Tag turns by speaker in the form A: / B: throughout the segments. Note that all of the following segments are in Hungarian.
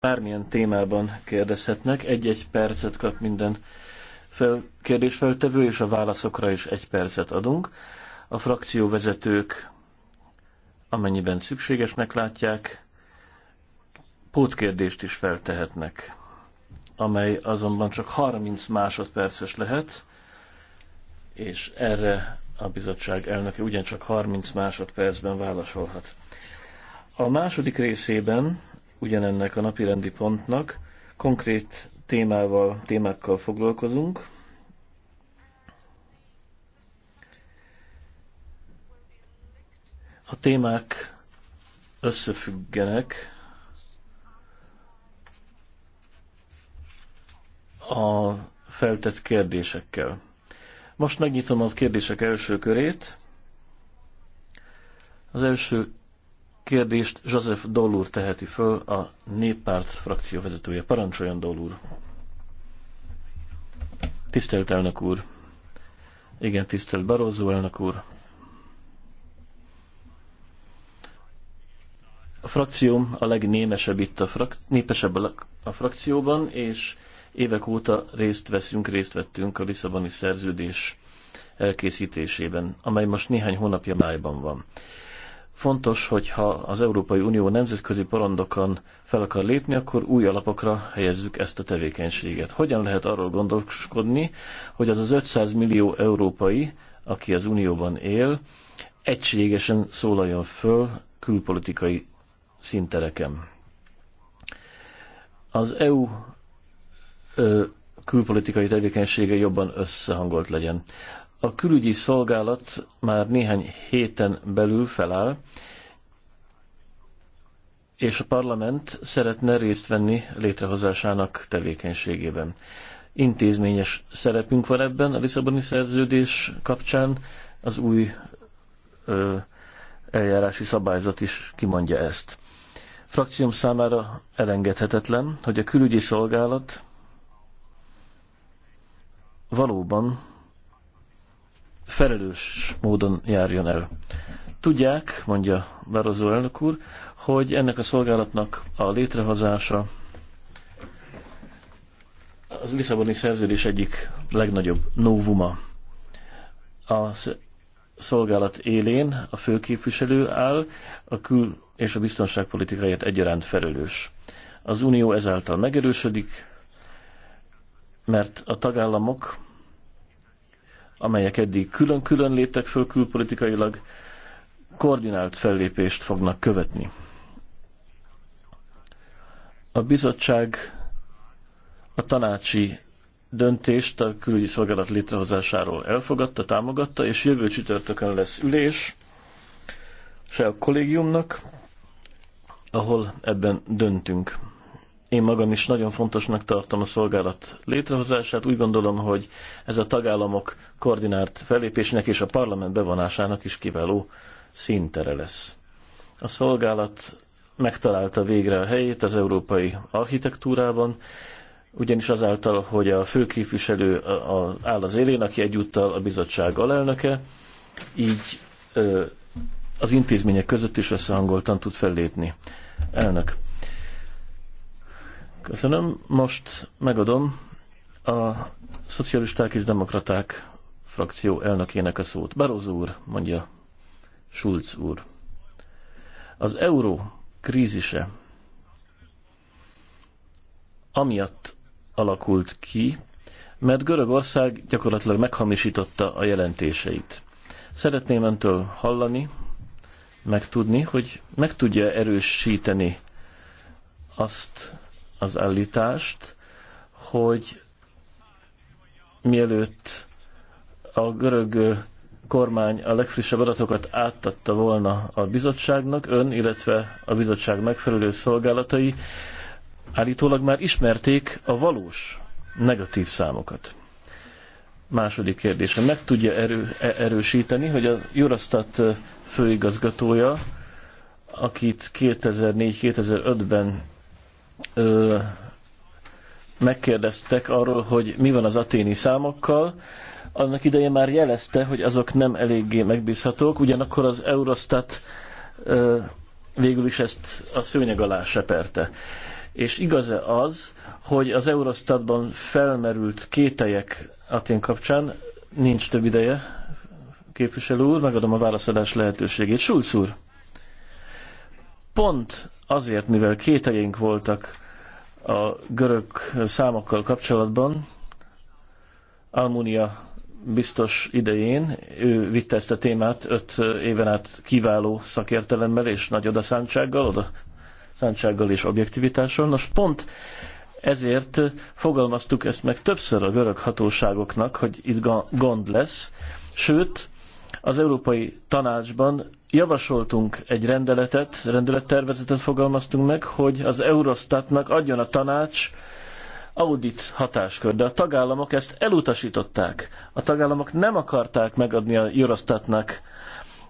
A: bármilyen témában kérdezhetnek. Egy-egy percet kap minden fel, kérdésfeltevő, és a válaszokra is egy percet adunk. A frakcióvezetők, amennyiben szükségesnek látják, pótkérdést is feltehetnek, amely azonban csak 30 másodperces lehet, és erre a bizottság elnöke ugyancsak 30 másodpercben válaszolhat. A második részében ugyanennek a napirendi pontnak. Konkrét témával, témákkal foglalkozunk. A témák összefüggenek a feltett kérdésekkel. Most megnyitom a kérdések első körét. Az első kérdést Joseph Dollur teheti föl, a néppárt frakció vezetője. Parancsoljon Dollur! Tisztelt elnök úr! Igen, tisztelt Barózó elnök úr! A frakcióm a legnémesebb itt a frak- népesebb a frakcióban, és évek óta részt veszünk, részt vettünk a Lisszaboni szerződés elkészítésében, amely most néhány hónapja májban van. Fontos, hogyha az Európai Unió nemzetközi porondokon fel akar lépni, akkor új alapokra helyezzük ezt a tevékenységet. Hogyan lehet arról gondoskodni, hogy az az 500 millió európai, aki az Unióban él, egységesen szólaljon föl külpolitikai szintereken. Az EU ö, külpolitikai tevékenysége jobban összehangolt legyen. A külügyi szolgálat már néhány héten belül feláll, és a parlament szeretne részt venni létrehozásának tevékenységében. Intézményes szerepünk van ebben a Lisszaboni szerződés kapcsán, az új ö, eljárási szabályzat is kimondja ezt. Frakcióm számára elengedhetetlen, hogy a külügyi szolgálat valóban felelős módon járjon el. Tudják, mondja Barozó elnök úr, hogy ennek a szolgálatnak a létrehozása az Lisszaboni szerződés egyik legnagyobb novuma. A szolgálat élén a főképviselő áll, a kül- és a biztonságpolitikáját egyaránt felelős. Az Unió ezáltal megerősödik, mert a tagállamok amelyek eddig külön-külön léptek föl külpolitikailag, koordinált fellépést fognak követni. A bizottság a tanácsi döntést a külügyi szolgálat létrehozásáról elfogadta, támogatta, és jövő csütörtökön lesz ülés se a kollégiumnak, ahol ebben döntünk. Én magam is nagyon fontosnak tartom a szolgálat létrehozását. Úgy gondolom, hogy ez a tagállamok koordinált felépésnek és a parlament bevonásának is kiváló szintere lesz. A szolgálat megtalálta végre a helyét az európai architektúrában, ugyanis azáltal, hogy a főképviselő áll az élén, aki egyúttal a bizottság alelnöke, így az intézmények között is összehangoltan tud fellépni. Elnök. Köszönöm. Most megadom a Szocialisták és Demokraták frakció elnökének a szót. Barozó úr, mondja Schulz úr. Az euró krízise amiatt alakult ki, mert Görögország gyakorlatilag meghamisította a jelentéseit. Szeretném öntől hallani, megtudni, hogy meg tudja erősíteni azt, az állítást, hogy mielőtt a görög kormány a legfrissebb adatokat átadta volna a bizottságnak, ön, illetve a bizottság megfelelő szolgálatai állítólag már ismerték a valós negatív számokat. Második kérdése. Meg tudja erő, e, erősíteni, hogy a Eurostat e, főigazgatója, akit 2004-2005-ben ö, megkérdeztek arról, hogy mi van az aténi számokkal, annak ideje már jelezte, hogy azok nem eléggé megbízhatók, ugyanakkor az Eurostat ö, végül is ezt a szőnyeg alá seperte. És igaz-e az, hogy az Eurostatban felmerült kételyek Atén kapcsán, nincs több ideje, képviselő úr, megadom a válaszadás lehetőségét. Schulz úr, pont azért, mivel kételjénk voltak a görög számokkal kapcsolatban, Almunia biztos idején, ő vitte ezt a témát öt éven át kiváló szakértelemmel és nagy odaszántsággal, oda szántsággal és objektivitással. Nos, pont ezért fogalmaztuk ezt meg többször a görög hatóságoknak, hogy itt gond lesz, sőt, az Európai Tanácsban javasoltunk egy rendeletet, rendelettervezetet fogalmaztunk meg, hogy az Eurostatnak adjon a tanács audit hatáskör, de a tagállamok ezt elutasították. A tagállamok nem akarták megadni a Eurostatnak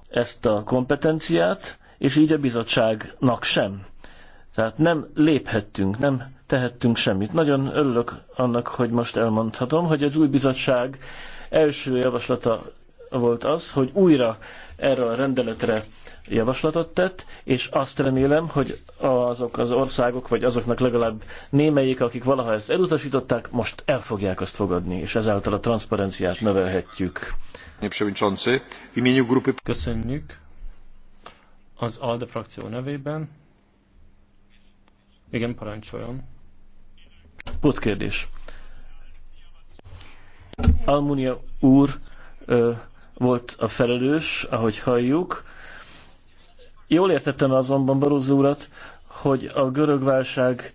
A: ezt a kompetenciát, és így a bizottságnak sem. Tehát nem léphettünk, nem tehettünk semmit. Nagyon örülök annak, hogy most elmondhatom, hogy az új bizottság első javaslata volt az, hogy újra erre a rendeletre javaslatot tett, és azt remélem, hogy azok az országok, vagy azoknak legalább némelyik, akik valaha ezt elutasították, most el fogják azt fogadni, és ezáltal a transzparenciát növelhetjük. Köszönjük
B: az ALDE frakció nevében. Igen, parancsoljon.
A: Pót kérdés. Almunia úr ö, volt a felelős, ahogy halljuk. Jól értettem azonban Barózó urat, hogy a görög válság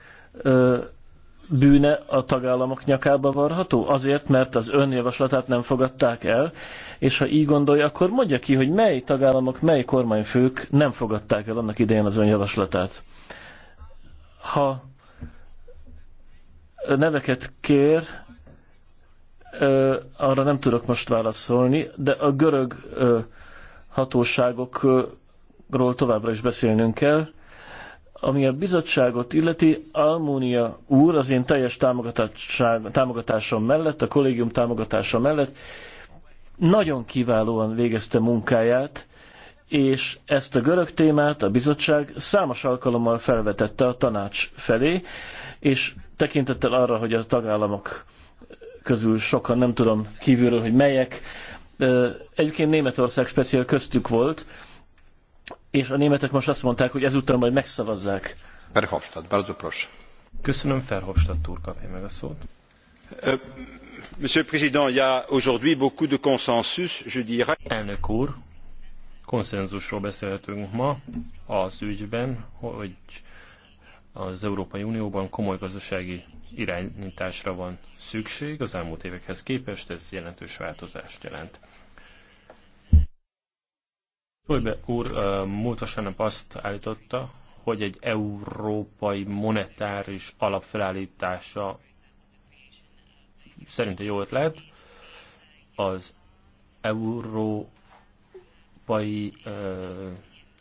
A: bűne a tagállamok nyakába varható? Azért, mert az önjavaslatát nem fogadták el, és ha így gondolja, akkor mondja ki, hogy mely tagállamok, mely kormányfők nem fogadták el annak idején az önjavaslatát. Ha neveket kér, Ö, arra nem tudok most válaszolni, de a görög ö, hatóságokról továbbra is beszélnünk kell. Ami a bizottságot illeti, Almónia úr az én teljes támogatásom mellett, a kollégium támogatása mellett nagyon kiválóan végezte munkáját, és ezt a görög témát a bizottság számos alkalommal felvetette a tanács felé, és tekintettel arra, hogy a tagállamok közül sokan, nem tudom kívülről, hogy melyek. Egyébként Németország speciál köztük volt, és a németek most azt mondták, hogy ezúttal majd megszavazzák. Verhofstadt, bardzo Köszönöm, Verhofstadt úr, kapja meg a szót.
B: Monsieur Président, il y a aujourd'hui beaucoup de consensus, je dirais. Elnök úr, konszenzusról beszélhetünk ma az ügyben, hogy az Európai Unióban komoly gazdasági irányításra van szükség, az elmúlt évekhez képest ez jelentős változást jelent. Solybe úr múlt vasárnap azt állította, hogy egy európai monetáris alapfelállítása szerinte jó ötlet, az európai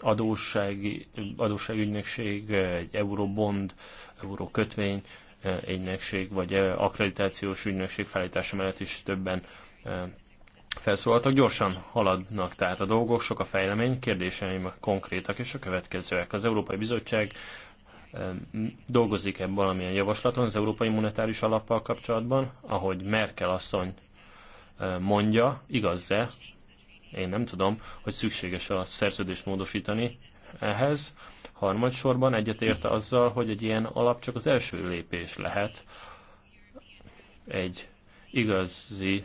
B: adósság, adósságügynökség, egy eurobond, eurokötvény eh, ügynökség, vagy eh, akkreditációs ügynökség felállítása mellett is többen eh, felszólaltak. Gyorsan haladnak tehát a dolgok, sok a fejlemény, kérdéseim konkrétak, és a következőek. Az Európai Bizottság dolgozik-e valamilyen javaslaton az Európai Monetáris Alappal kapcsolatban, ahogy Merkel asszony mondja, igaz-e, én nem tudom, hogy szükséges a szerződést módosítani ehhez. Harmadsorban egyetérte azzal, hogy egy ilyen alap csak az első lépés lehet egy igazi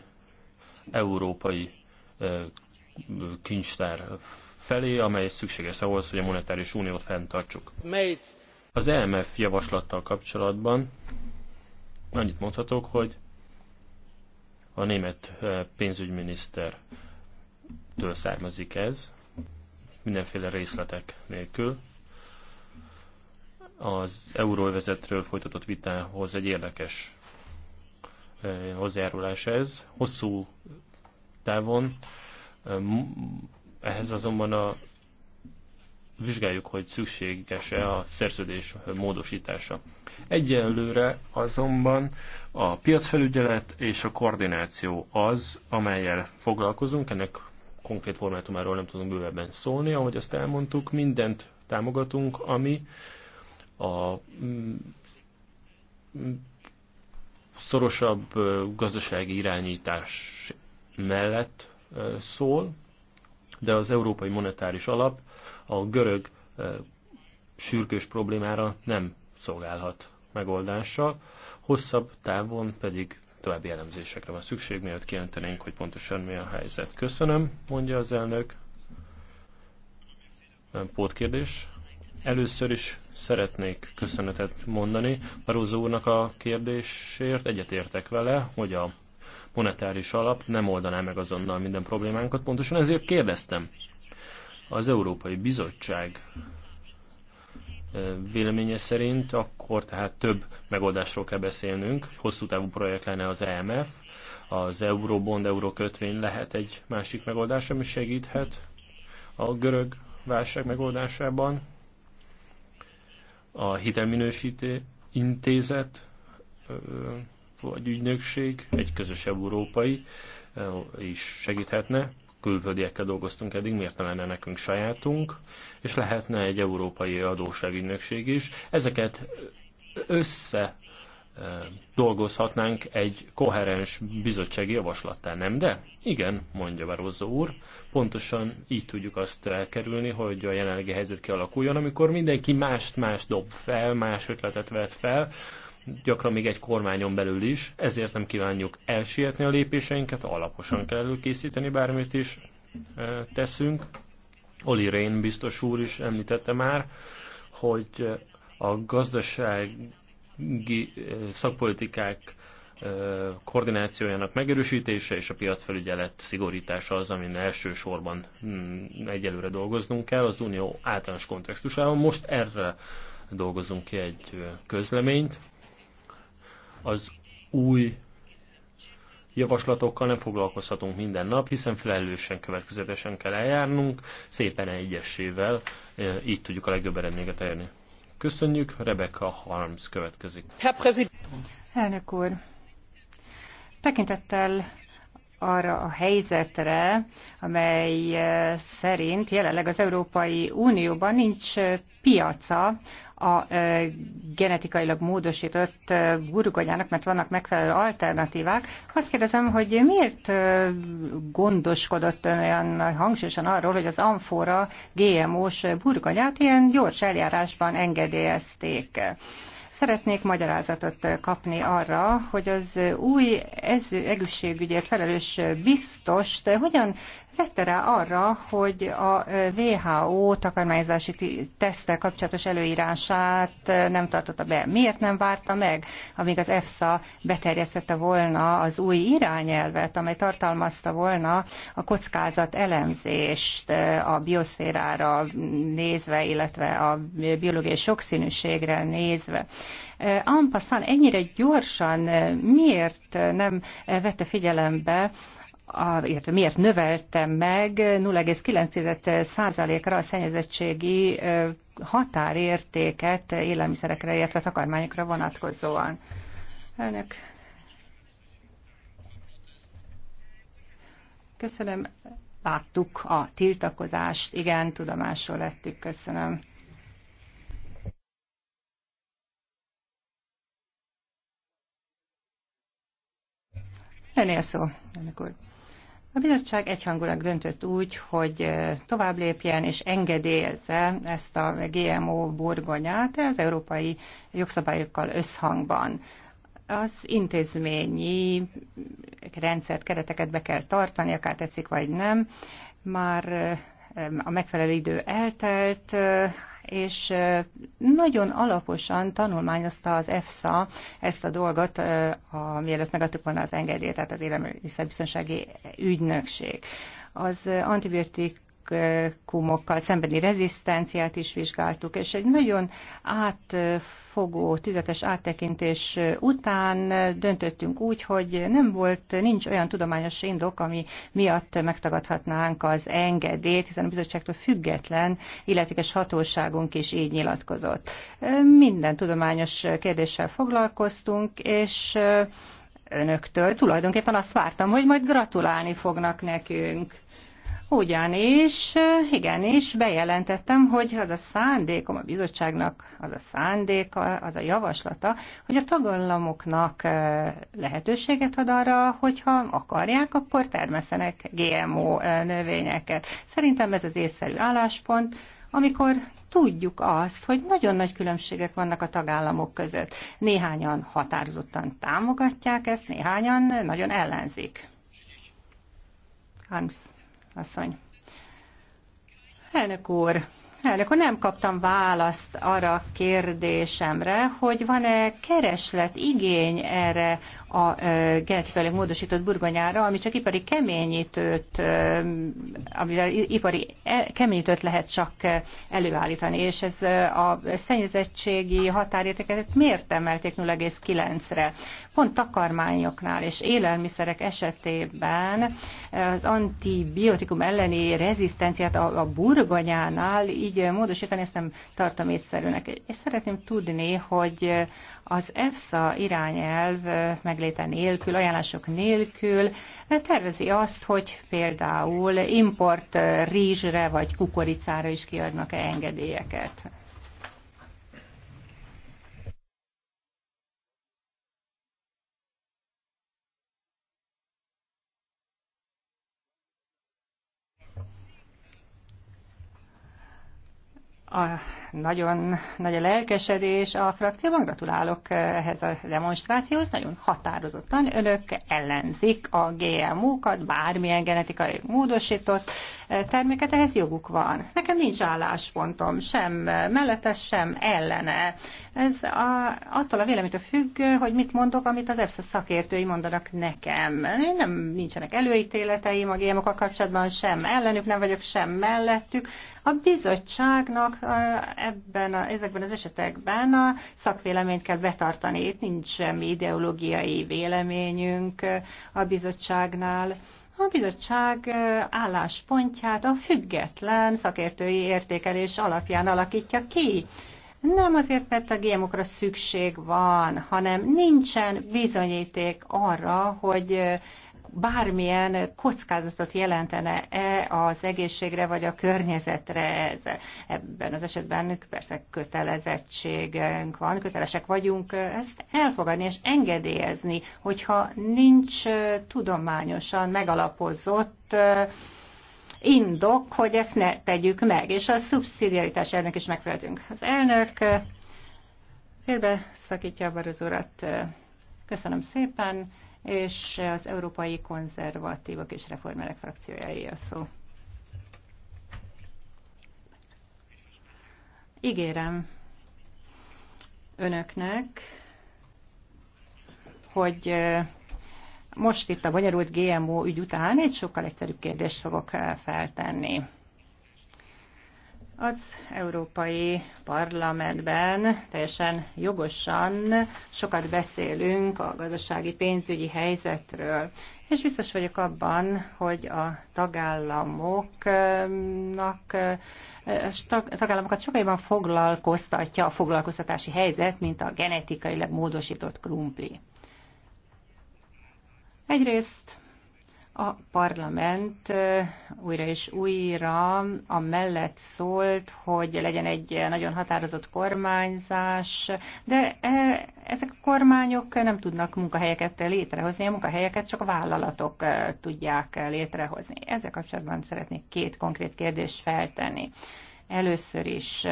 B: európai kincstár felé, amely szükséges ahhoz, hogy a monetáris uniót fenntartsuk. Az EMF javaslattal kapcsolatban annyit mondhatok, hogy a német pénzügyminiszter től származik ez, mindenféle részletek nélkül. Az euróvezetről folytatott vitához egy érdekes eh, hozzájárulás ez. Hosszú távon eh, ehhez azonban a vizsgáljuk, hogy szükséges-e a szerződés módosítása. Egyelőre azonban a piacfelügyelet és a koordináció az, amelyel foglalkozunk, ennek konkrét formátumáról nem tudunk bővebben szólni, ahogy azt elmondtuk, mindent támogatunk, ami a mm, szorosabb gazdasági irányítás mellett szól, de az Európai Monetáris Alap a görög sürgős problémára nem szolgálhat megoldással, hosszabb távon pedig további elemzésekre van szükség, mielőtt kijelentenénk, hogy pontosan mi a helyzet. Köszönöm, mondja az elnök. Pótkérdés. Először is szeretnék köszönetet mondani Barózó úrnak a kérdésért. Egyetértek vele, hogy a monetáris alap nem oldaná meg azonnal minden problémánkat. Pontosan ezért kérdeztem az Európai Bizottság véleménye szerint, akkor tehát több megoldásról kell beszélnünk. Hosszú távú projekt lenne az EMF, az Eurobond, Eurokötvény lehet egy másik megoldás, ami segíthet a görög válság megoldásában. A hitelminősítő intézet vagy ügynökség, egy közös európai is segíthetne külföldiekkel dolgoztunk eddig, miért ne lenne nekünk sajátunk, és lehetne egy európai adóságügynökség is. Ezeket össze dolgozhatnánk egy koherens bizottsági javaslattá, nem de? Igen, mondja Barroso úr, pontosan így tudjuk azt elkerülni, hogy a jelenlegi helyzet kialakuljon, amikor mindenki mást más dob fel, más ötletet vet fel, gyakran még egy kormányon belül is, ezért nem kívánjuk elsietni a lépéseinket, alaposan kell előkészíteni bármit is teszünk. Oli Rén biztos úr is említette már, hogy a gazdasági szakpolitikák koordinációjának megerősítése és a piacfelügyelet szigorítása az, amin elsősorban mm, egyelőre dolgoznunk kell az unió általános kontextusában. Most erre dolgozunk ki egy közleményt, az új javaslatokkal nem foglalkozhatunk minden nap, hiszen felelősen, következetesen kell eljárnunk, szépen egyesével, e, így tudjuk a legjobb eredményeket elérni. Köszönjük, Rebecca Harms következik.
C: Elnök úr, tekintettel arra a helyzetre, amely eh, szerint jelenleg az Európai Unióban nincs eh, piaca a eh, genetikailag módosított burgonyának, mert vannak megfelelő alternatívák. Azt kérdezem, hogy miért gondoskodott ön olyan hangsúlyosan arról, hogy az amfora GMO-s burgonyát ilyen gyors eljárásban engedélyezték? Szeretnék magyarázatot kapni arra, hogy az új egészségügyért felelős biztos, hogyan tette rá arra, hogy a WHO takarmányzási tesztel kapcsolatos előírását nem tartotta be. Miért nem várta meg, amíg az EFSA beterjesztette volna az új irányelvet, amely tartalmazta volna a kockázat elemzést a bioszférára nézve, illetve a biológiai sokszínűségre nézve. Ampasszán ennyire gyorsan miért nem vette figyelembe a, illetve miért növeltem meg 0,9%-ra a szennyezettségi határértéket élelmiszerekre, illetve takarmányokra vonatkozóan. Elnök, köszönöm. Láttuk a tiltakozást, igen, tudomásról lettük, köszönöm. Önél szó, elnök úr. A bizottság egyhangulag döntött úgy, hogy tovább lépjen és engedélyezze ezt a GMO burgonyát az európai jogszabályokkal összhangban az intézményi rendszert, kereteket be kell tartani, akár tetszik vagy nem. Már a megfelelő idő eltelt, és nagyon alaposan tanulmányozta az EFSA ezt a dolgot, a, mielőtt megadtuk volna az engedélyt, tehát az élelmiszerbiztonsági ügynökség. Az antibiotik antimikrokumokkal szembeni rezisztenciát is vizsgáltuk, és egy nagyon átfogó, tüzetes áttekintés után döntöttünk úgy, hogy nem volt, nincs olyan tudományos indok, ami miatt megtagadhatnánk az engedélyt, hiszen a bizottságtól független illetékes hatóságunk is így nyilatkozott. Minden tudományos kérdéssel foglalkoztunk, és önöktől. Tulajdonképpen azt vártam, hogy majd gratulálni fognak nekünk. Ugyanis, igenis, bejelentettem, hogy az a szándékom, a bizottságnak az a szándéka, az a javaslata, hogy a tagállamoknak lehetőséget ad arra, hogyha akarják, akkor termeszenek GMO növényeket. Szerintem ez az észszerű álláspont, amikor tudjuk azt, hogy nagyon nagy különbségek vannak a tagállamok között. Néhányan határozottan támogatják ezt, néhányan nagyon ellenzik. Hans asszony. Elnök úr, elnök úr, nem kaptam választ arra a kérdésemre, hogy van-e kereslet, igény erre a e, genetikailag módosított burgonyára, ami csak ipari keményítőt, e, amivel ipari e, keményítőt lehet csak előállítani, és ez a szennyezettségi határértéket miért emelték 0,9-re? Pont takarmányoknál és élelmiszerek esetében az antibiotikum elleni rezisztenciát a, a burgonyánál így módosítani, ezt nem tartom észszerűnek. És szeretném tudni, hogy az EFSA irányelv megléte nélkül, ajánlások nélkül tervezi azt, hogy például import rizsre vagy kukoricára is kiadnak-e engedélyeket. A nagyon nagy a lelkesedés a frakcióban. Gratulálok eh, ehhez a demonstrációhoz. Nagyon határozottan önök ellenzik a GMO-kat, bármilyen genetikai módosított terméket, ehhez joguk van. Nekem nincs álláspontom, sem mellette, sem ellene. Ez a, attól a véleménytől függ, hogy mit mondok, amit az EFSA szakértői mondanak nekem. Én nem nincsenek előítéleteim a gémokkal kapcsolatban, sem ellenük nem vagyok, sem mellettük. A bizottságnak ebben a, ezekben az esetekben a szakvéleményt kell betartani. Itt nincs semmi ideológiai véleményünk a bizottságnál a bizottság álláspontját a független szakértői értékelés alapján alakítja ki. Nem azért, mert a GMO-kra szükség van, hanem nincsen bizonyíték arra, hogy bármilyen kockázatot jelentene-e az egészségre vagy a környezetre ez. Ebben az esetben persze kötelezettségünk van, kötelesek vagyunk ezt elfogadni és engedélyezni, hogyha nincs tudományosan megalapozott indok, hogy ezt ne tegyük meg, és a szubszidiaritás elnök is megfeleltünk. Az elnök félbe szakítja a barozórat. Köszönöm szépen és az Európai Konzervatívok és Reformerek frakciójáé a szó. Ígérem önöknek, hogy most itt a bonyolult GMO ügy után egy sokkal egyszerűbb kérdést fogok feltenni. Az Európai Parlamentben teljesen jogosan sokat beszélünk a gazdasági pénzügyi helyzetről, és biztos vagyok abban, hogy a tagállamoknak a tagállamokat sokkal jobban foglalkoztatja a foglalkoztatási helyzet, mint a genetikailag módosított krumpli. Egyrészt a parlament újra és újra amellett szólt, hogy legyen egy nagyon határozott kormányzás, de ezek a kormányok nem tudnak munkahelyeket létrehozni, a munkahelyeket csak a vállalatok tudják létrehozni. Ezzel kapcsolatban szeretnék két konkrét kérdést feltenni. Először is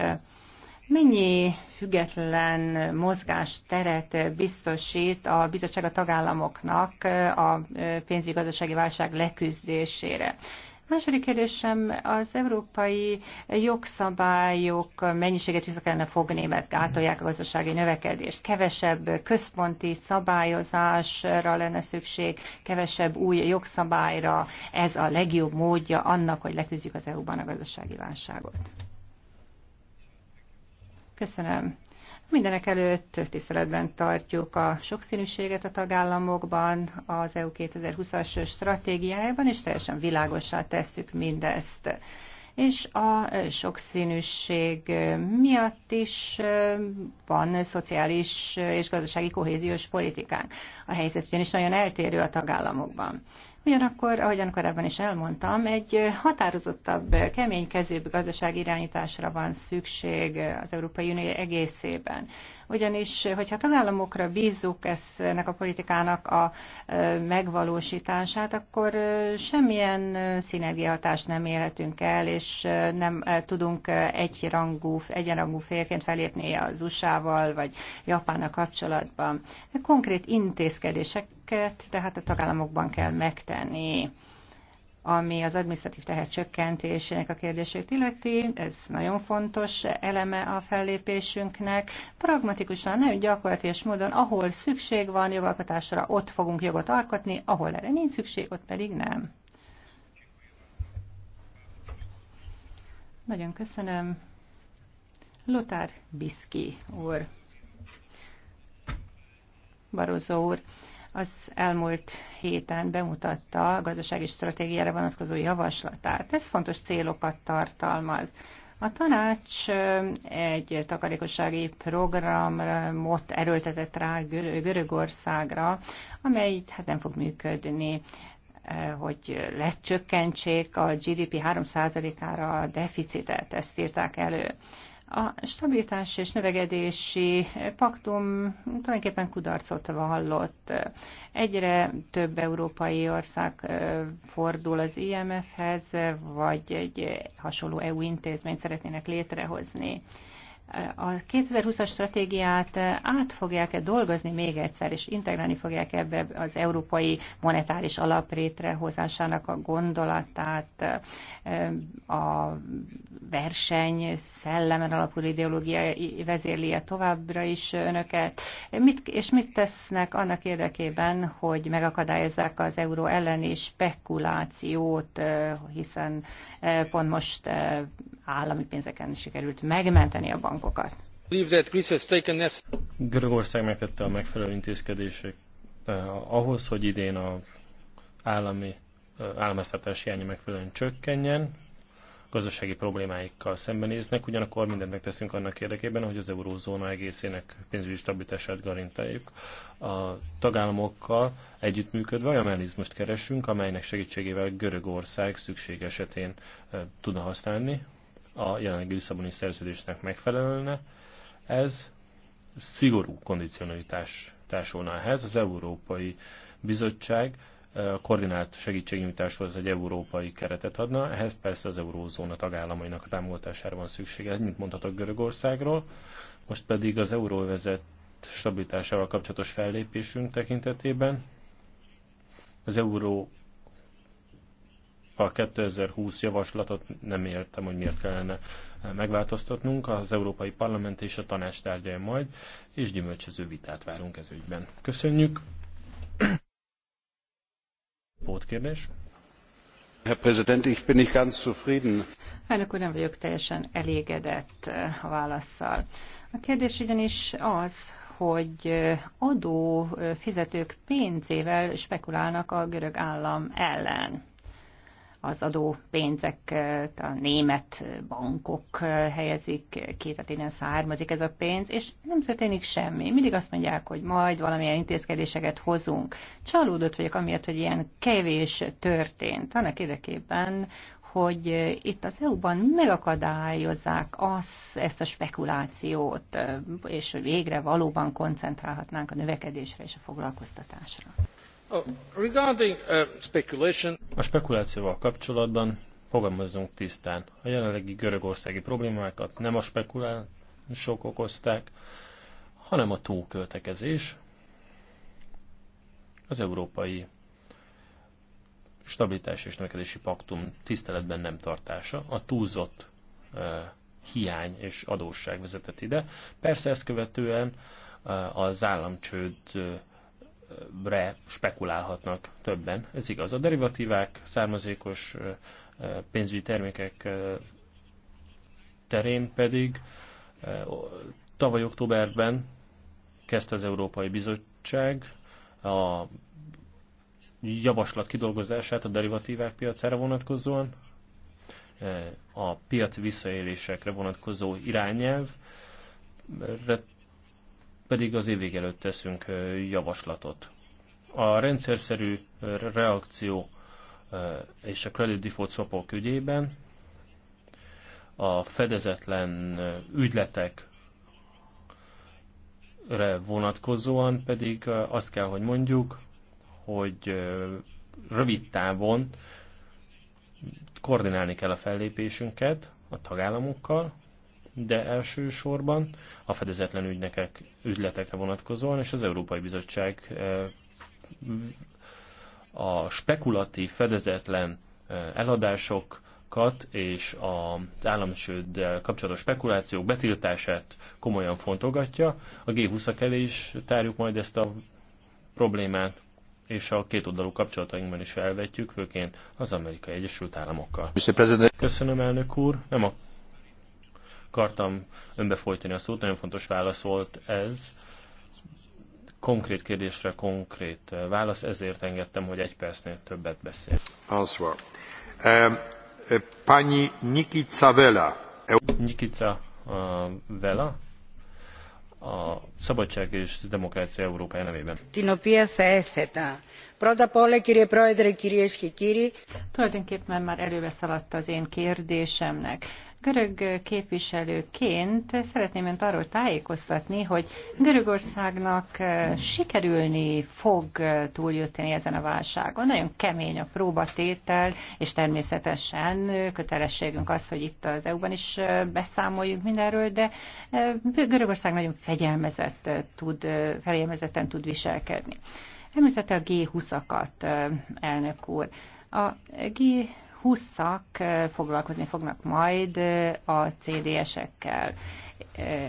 C: mennyi független mozgásteret biztosít a bizottság a tagállamoknak a pénzügyi gazdasági válság leküzdésére. második kérdésem az európai jogszabályok mennyiséget vissza kellene fogni, mert gátolják a gazdasági növekedést. Kevesebb központi szabályozásra lenne szükség, kevesebb új jogszabályra. Ez a legjobb módja annak, hogy leküzdjük az EU-ban a gazdasági válságot. Köszönöm. Mindenek előtt tiszteletben tartjuk a sokszínűséget a tagállamokban, az EU 2020-as stratégiájában, és teljesen világossá tesszük mindezt. És a sokszínűség miatt is van szociális és gazdasági kohéziós politikánk. A helyzet ugyanis nagyon eltérő a tagállamokban. Ugyanakkor, ahogyan korábban is elmondtam, egy határozottabb, kemény kezűbb gazdasági irányításra van szükség az Európai Unió egészében. Ugyanis, hogyha tagállamokra bízzuk ezt, ennek a politikának a megvalósítását, akkor semmilyen szinergiahatást nem élhetünk el, és nem tudunk egyrangú, egyenrangú félként felépni az USA-val, vagy Japánnal kapcsolatban. Konkrét intézkedések tehát a tagállamokban kell megtenni ami az adminisztratív teher csökkentésének a kérdését illeti, ez nagyon fontos eleme a fellépésünknek. Pragmatikusan, nagyon gyakorlatilag módon, ahol szükség van jogalkotásra, ott fogunk jogot alkotni, ahol erre nincs szükség, ott pedig nem. Nagyon köszönöm. Lothar Biszki úr. Barozó úr az elmúlt héten bemutatta a gazdasági stratégiára vonatkozó javaslatát. Ez fontos célokat tartalmaz. A tanács egy takarékossági programot erőltetett rá Görögországra, amely hát nem fog működni hogy lecsökkentsék a GDP 3%-ára a deficitet, ezt írták elő. A stabilitás és növekedési paktum tulajdonképpen kudarcot vallott. Egyre több európai ország fordul az IMF-hez, vagy egy hasonló EU intézményt szeretnének létrehozni a 2020-as stratégiát át fogják-e dolgozni még egyszer, és integrálni fogják ebbe az európai monetáris alap létrehozásának a gondolatát, eh, a verseny szellemen alapuló ideológia -e továbbra is önöket, mit, és mit tesznek annak érdekében, hogy megakadályozzák az euró elleni spekulációt, eh, hiszen eh, pont most állami pénzeken sikerült megmenteni a bank bankokat.
B: Görögország megtette a megfelelő intézkedések eh, ahhoz, hogy idén a állami eh, államháztartás hiánya megfelelően csökkenjen, gazdasági problémáikkal szembenéznek, ugyanakkor mindent megteszünk annak érdekében, hogy az eurózóna egészének pénzügyi stabilitását garantáljuk. A tagállamokkal együttműködve olyan mechanizmust keresünk, amelynek segítségével Görögország szükség esetén eh, tudna használni, a jelenlegi Lisszaboni szerződésnek megfelelne. Ez szigorú kondicionalitás társulna ehhez. Az Európai Bizottság eh, koordinált segítségnyújtáshoz egy európai keretet adna, ehhez persze az eurózóna tagállamainak a támogatására van szüksége, mint mondhatok Görögországról. Most pedig az euróvezet stabilitásával kapcsolatos fellépésünk tekintetében az euró a 2020 javaslatot nem értem, hogy miért kellene megváltoztatnunk. Az Európai Parlament és a tanács tárgyalja majd, és gyümölcsöző vitát várunk ez ügyben. Köszönjük!
A: Pótkérdés? Herr Präsident, ich bin nicht ganz zufrieden.
C: Elnök úr, nem vagyok teljesen elégedett eh, a válaszsal. A kérdés ugyanis az, hogy eh, adó eh, fizetők pénzével spekulálnak a görög állam ellen az adó pénzeket eh, a német bankok eh, helyezik két tehát innen származik ez a pénz, és nem történik semmi. Mindig azt mondják, hogy majd valamilyen intézkedéseket hozunk. Csalódott vagyok amiatt, hogy ilyen kevés történt. Annak érdekében, hogy eh, itt az EU-ban megakadályozzák az, ezt a spekulációt, és hogy végre valóban koncentrálhatnánk a növekedésre és a foglalkoztatásra.
B: Oh, uh, a spekulációval kapcsolatban fogalmazzunk tisztán. A jelenlegi görögországi problémákat nem a spekulánsok okozták, hanem a túlköltekezés, az európai stabilitás és növekedési paktum tiszteletben nem tartása, a túlzott uh, hiány és adósság vezetett ide. Persze ezt követően uh, az államcsőd uh, re spekulálhatnak többen. Ez igaz. A derivatívák, származékos pénzügyi termékek terén pedig tavaly októberben kezdte az Európai Bizottság a javaslat kidolgozását a derivatívák piacára vonatkozóan, a piaci visszaélésekre vonatkozó irányelv pedig az évig előtt teszünk javaslatot. A rendszerszerű reakció és a credit default swapok ügyében a fedezetlen ügyletek vonatkozóan pedig azt kell, hogy mondjuk, hogy rövid távon koordinálni kell a fellépésünket a tagállamokkal, de elsősorban a fedezetlen ügynekek, ügyletekre vonatkozóan, és az Európai Bizottság eh, a spekulatív, fedezetlen eh, eladásokat és az államsőddel kapcsolatos spekulációk betiltását komolyan fontogatja. A g 20 elé is tárjuk majd ezt a problémát, és a két oldalú kapcsolatainkban is felvetjük, főként az Amerikai Egyesült Államokkal. Köszönöm, elnök úr. Nem a akartam önbefolytani a szót, nagyon fontos válasz volt ez. Konkrét kérdésre konkrét válasz, ezért engedtem, hogy egy percnél többet beszél. Answer. Um, uh, pani Nikica Vela. Nikica uh, Vela, a Szabadság és Demokrácia Európai
C: nevében. Tinopia Fejszeta. θα έθετα. Πρώτα Proedre, όλα, κύριε Tulajdonképpen már előbe szaladt az én kérdésemnek görög képviselőként szeretném önt arról tájékoztatni, hogy Görögországnak sikerülni fog túljutni ezen a válságon. Nagyon kemény a próbatétel, és természetesen kötelességünk az, hogy itt az EU-ban is beszámoljunk mindenről, de Görögország nagyon fegyelmezett tud, fegyelmezetten tud viselkedni. Említette a G20-akat, elnök úr. A G 20-ak foglalkozni fognak majd a CDS-ekkel,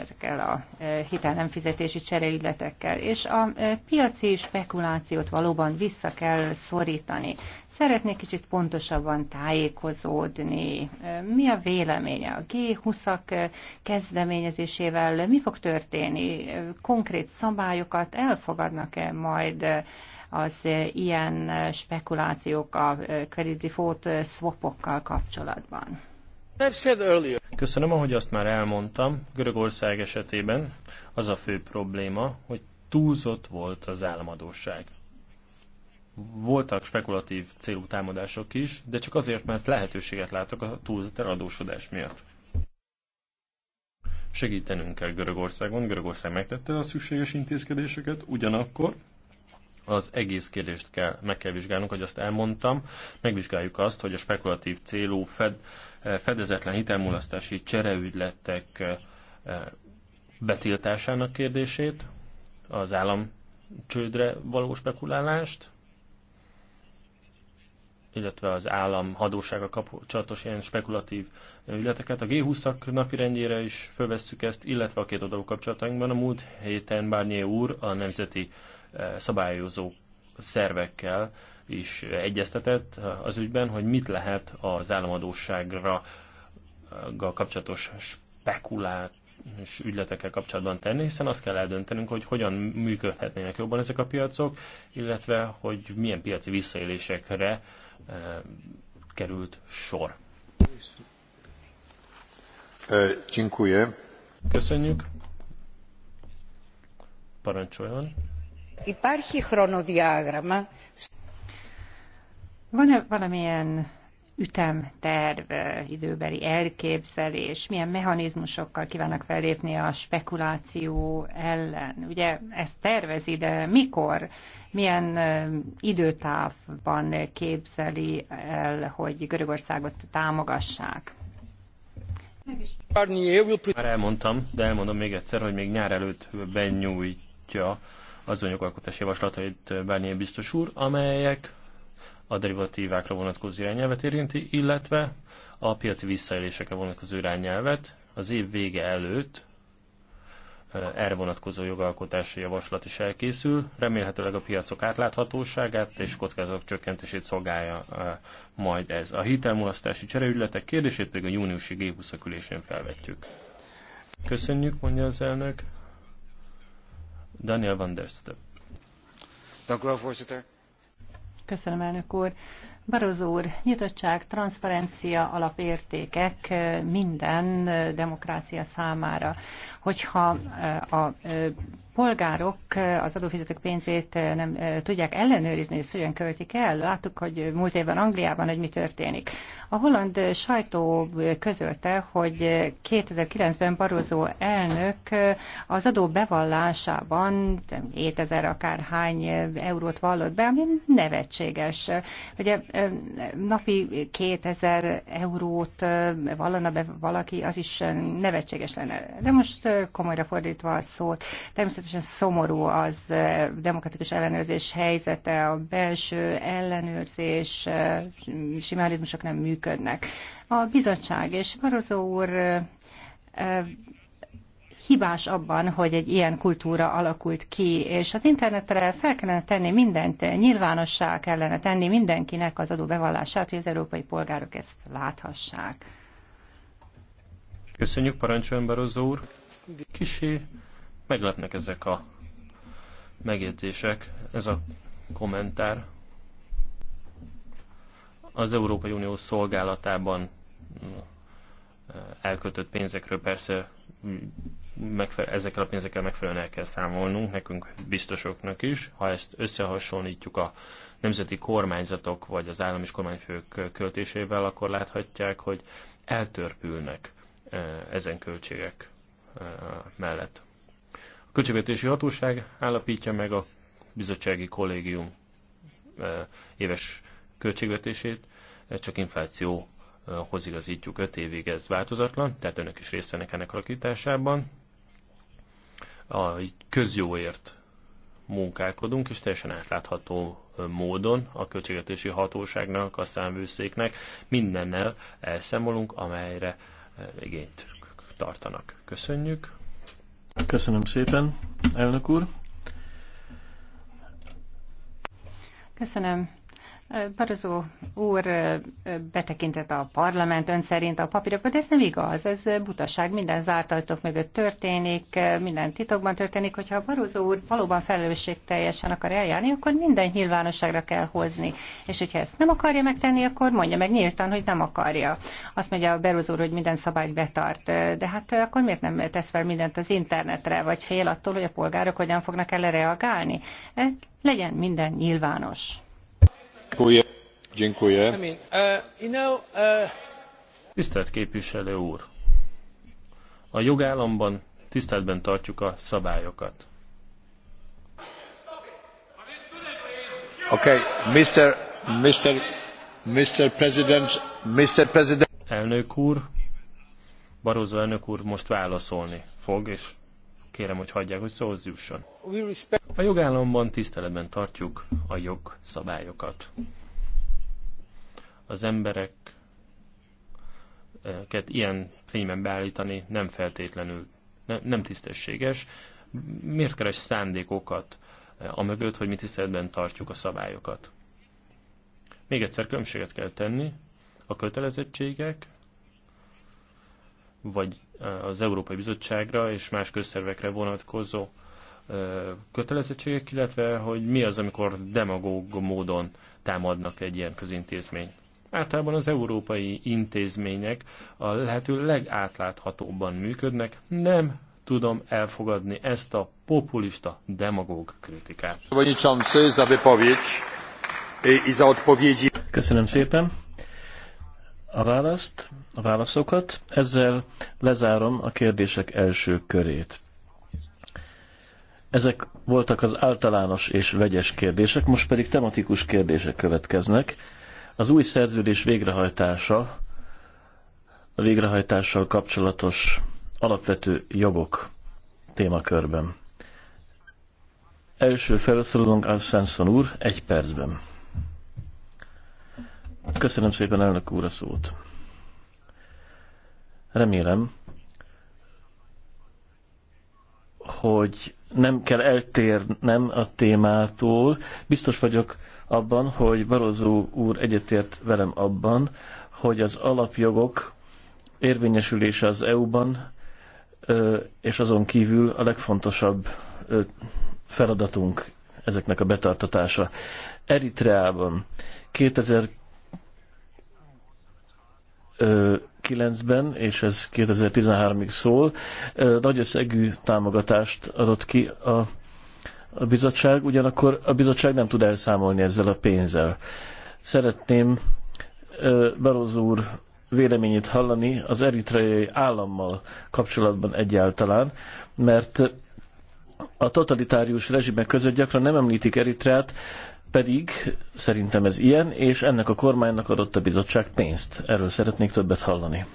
C: ezekkel a hitel nem fizetési csereügyletekkel, és a piaci spekulációt valóban vissza kell szorítani. Szeretnék kicsit pontosabban tájékozódni. Mi a véleménye a G20-ak kezdeményezésével? Mi fog történni? Konkrét szabályokat elfogadnak-e majd az ilyen spekulációk a credit default swapokkal kapcsolatban.
B: Köszönöm, ahogy azt már elmondtam, Görögország esetében az a fő probléma, hogy túlzott volt az államadóság. Voltak spekulatív célú támadások is, de csak azért, mert lehetőséget látok a túlzott eladósodás miatt. Segítenünk kell Görögországon, Görögország megtette a szükséges intézkedéseket, ugyanakkor az egész kérdést kell, meg kell vizsgálnunk, hogy azt elmondtam. Megvizsgáljuk azt, hogy a spekulatív célú fed, eh, fedezetlen hitelmulasztási csereügyletek eh, betiltásának kérdését, az állam csődre való spekulálást, illetve az állam hadósága kapcsolatos ilyen spekulatív ügyleteket. A G20-ak napi rendjére is fölvesszük ezt, illetve a két oldalú kapcsolatainkban a múlt héten Bárnyé úr a Nemzeti szabályozó szervekkel is egyeztetett az ügyben, hogy mit lehet az államadóságra kapcsolatos spekulát és ügyletekkel kapcsolatban tenni, hiszen azt kell eldöntenünk, hogy hogyan működhetnének jobban ezek a piacok, illetve hogy milyen piaci visszaélésekre e, került sor. Eh, dziękuję. Köszönjük. Parancsoljon.
C: Υπάρχει χρονοδιάγραμμα. Van-e valamilyen ütemterv, eh, időbeli elképzelés, milyen mechanizmusokkal kívánnak fellépni a spekuláció ellen. Ugye ezt tervezi, de mikor, milyen eh, időtávban képzeli el, hogy Görögországot támogassák?
A: Már
B: elmondtam, de elmondom még egyszer, hogy még nyár előtt benyújtja az jogalkotás javaslatait Bernier biztos úr, amelyek a derivatívákra vonatkozó irányelvet érinti, illetve a piaci visszaélésekre vonatkozó irányelvet az év vége előtt erre vonatkozó jogalkotási javaslat is elkészül. Remélhetőleg a piacok átláthatóságát és kockázatok csökkentését szolgálja majd ez. A hitelmulasztási csereügyletek kérdését pedig a júniusi G20 ülésén felvetjük. Köszönjük, mondja az elnök. Daniel van der Stöp.
C: Köszönöm, elnök úr. Barozó úr, nyitottság, transzparencia alapértékek minden demokrácia számára. Hogyha a polgárok eh, az adófizetők pénzét eh, nem eh, tudják ellenőrizni, hogy hogyan költik el. Láttuk, hogy múlt évben Angliában, hogy mi történik. A holland sajtó közölte, hogy 2009-ben Barozó elnök az adó bevallásában 7000 akár hány eurót vallott be, ami nevetséges. Ugye napi 2000 eurót vallana be valaki, az is nevetséges lenne. De most komolyra fordítva a szót. Természetesen Meglehetősen szomorú az demokratikus ellenőrzés helyzete, a belső ellenőrzés, simánizmusok nem működnek. A bizottság és Barozó úr hibás abban, hogy egy ilyen kultúra alakult ki, és az internetre fel kellene tenni mindent, nyilvánossá kellene tenni mindenkinek az adóbevallását, hogy az európai polgárok ezt láthassák.
B: Köszönjük, parancsoljon Barozó úr. Kisé Meglepnek ezek a megjegyzések, ez a kommentár. Az Európai Unió szolgálatában mm, elkötött pénzekről persze mm, megfe- ezekkel a pénzekkel megfelelően el kell számolnunk, nekünk biztosoknak is. Ha ezt összehasonlítjuk a nemzeti kormányzatok vagy az állam és kormányfők költésével, akkor láthatják, hogy eltörpülnek eh, ezen költségek eh, mellett költségvetési hatóság állapítja meg a bizottsági kollégium e, éves költségvetését, e, csak infláció e, igazítjuk 5 évig, ez változatlan, tehát önök is részt vennek ennek alakításában. A közjóért munkálkodunk, és teljesen átlátható módon a költségvetési hatóságnak, a számvőszéknek mindennel elszámolunk, amelyre igényt tartanak.
A: Köszönjük. Köszönöm szépen, elnök úr.
C: Köszönöm, Barozó úr betekintett a parlament ön szerint a papírokat, ez nem igaz, ez butaság, minden zárt ajtók mögött történik, minden titokban történik, hogyha a Barozó úr valóban teljesen akar eljárni, akkor minden nyilvánosságra kell hozni. És hogyha ezt nem akarja megtenni, akkor mondja meg nyíltan, hogy nem akarja. Azt mondja a Barozó úr, hogy minden szabályt betart, de hát akkor miért nem tesz fel mindent az internetre, vagy fél attól, hogy a polgárok hogyan fognak erre reagálni? Legyen minden nyilvános.
B: Uh, uh, Tisztelt képviselő úr! A jogállamban tiszteletben tartjuk a szabályokat. Okay, Mr. Mr. Mr. President, Mr. President. Elnök úr, Barroso elnök úr most válaszolni fog, és Kérem, hogy hagyják, hogy szóhoz jusson. A jogállamban tiszteletben tartjuk a jogszabályokat. Az embereket ilyen fényben beállítani nem feltétlenül, ne, nem tisztességes. Miért keres szándékokat eh, a mögött, hogy mi tiszteletben tartjuk a szabályokat? Még egyszer különbséget kell tenni a kötelezettségek, vagy az Európai Bizottságra és más közszervekre vonatkozó kötelezettségek, illetve hogy mi az, amikor demagóg módon támadnak egy ilyen közintézmény. Általában az európai intézmények a lehető legátláthatóbban működnek, nem tudom elfogadni ezt a populista demagóg kritikát.
A: Köszönöm szépen! a választ, a válaszokat. Ezzel lezárom a kérdések első körét. Ezek voltak az általános és vegyes kérdések, most pedig tematikus kérdések következnek. Az új szerződés végrehajtása, a végrehajtással kapcsolatos alapvető jogok témakörben. Első felszólalunk Alfonson úr, egy percben. Köszönöm szépen elnök úr a szót. Remélem, hogy nem kell eltérnem a témától. Biztos vagyok abban, hogy Barozó úr egyetért velem abban, hogy az alapjogok érvényesülése az EU-ban és azon kívül a legfontosabb feladatunk ezeknek a betartatása. Eritreában 2000 2009-ben, és ez 2013-ig szól, nagy összegű támogatást adott ki a, a bizottság, ugyanakkor a bizottság nem tud elszámolni ezzel a pénzzel. Szeretném Barózó úr véleményét hallani az eritreai állammal kapcsolatban egyáltalán, mert a totalitárius rezsimek között gyakran nem említik Eritreát, pedig szerintem ez ilyen, és ennek a kormánynak adott a bizottság pénzt. Erről szeretnék többet hallani.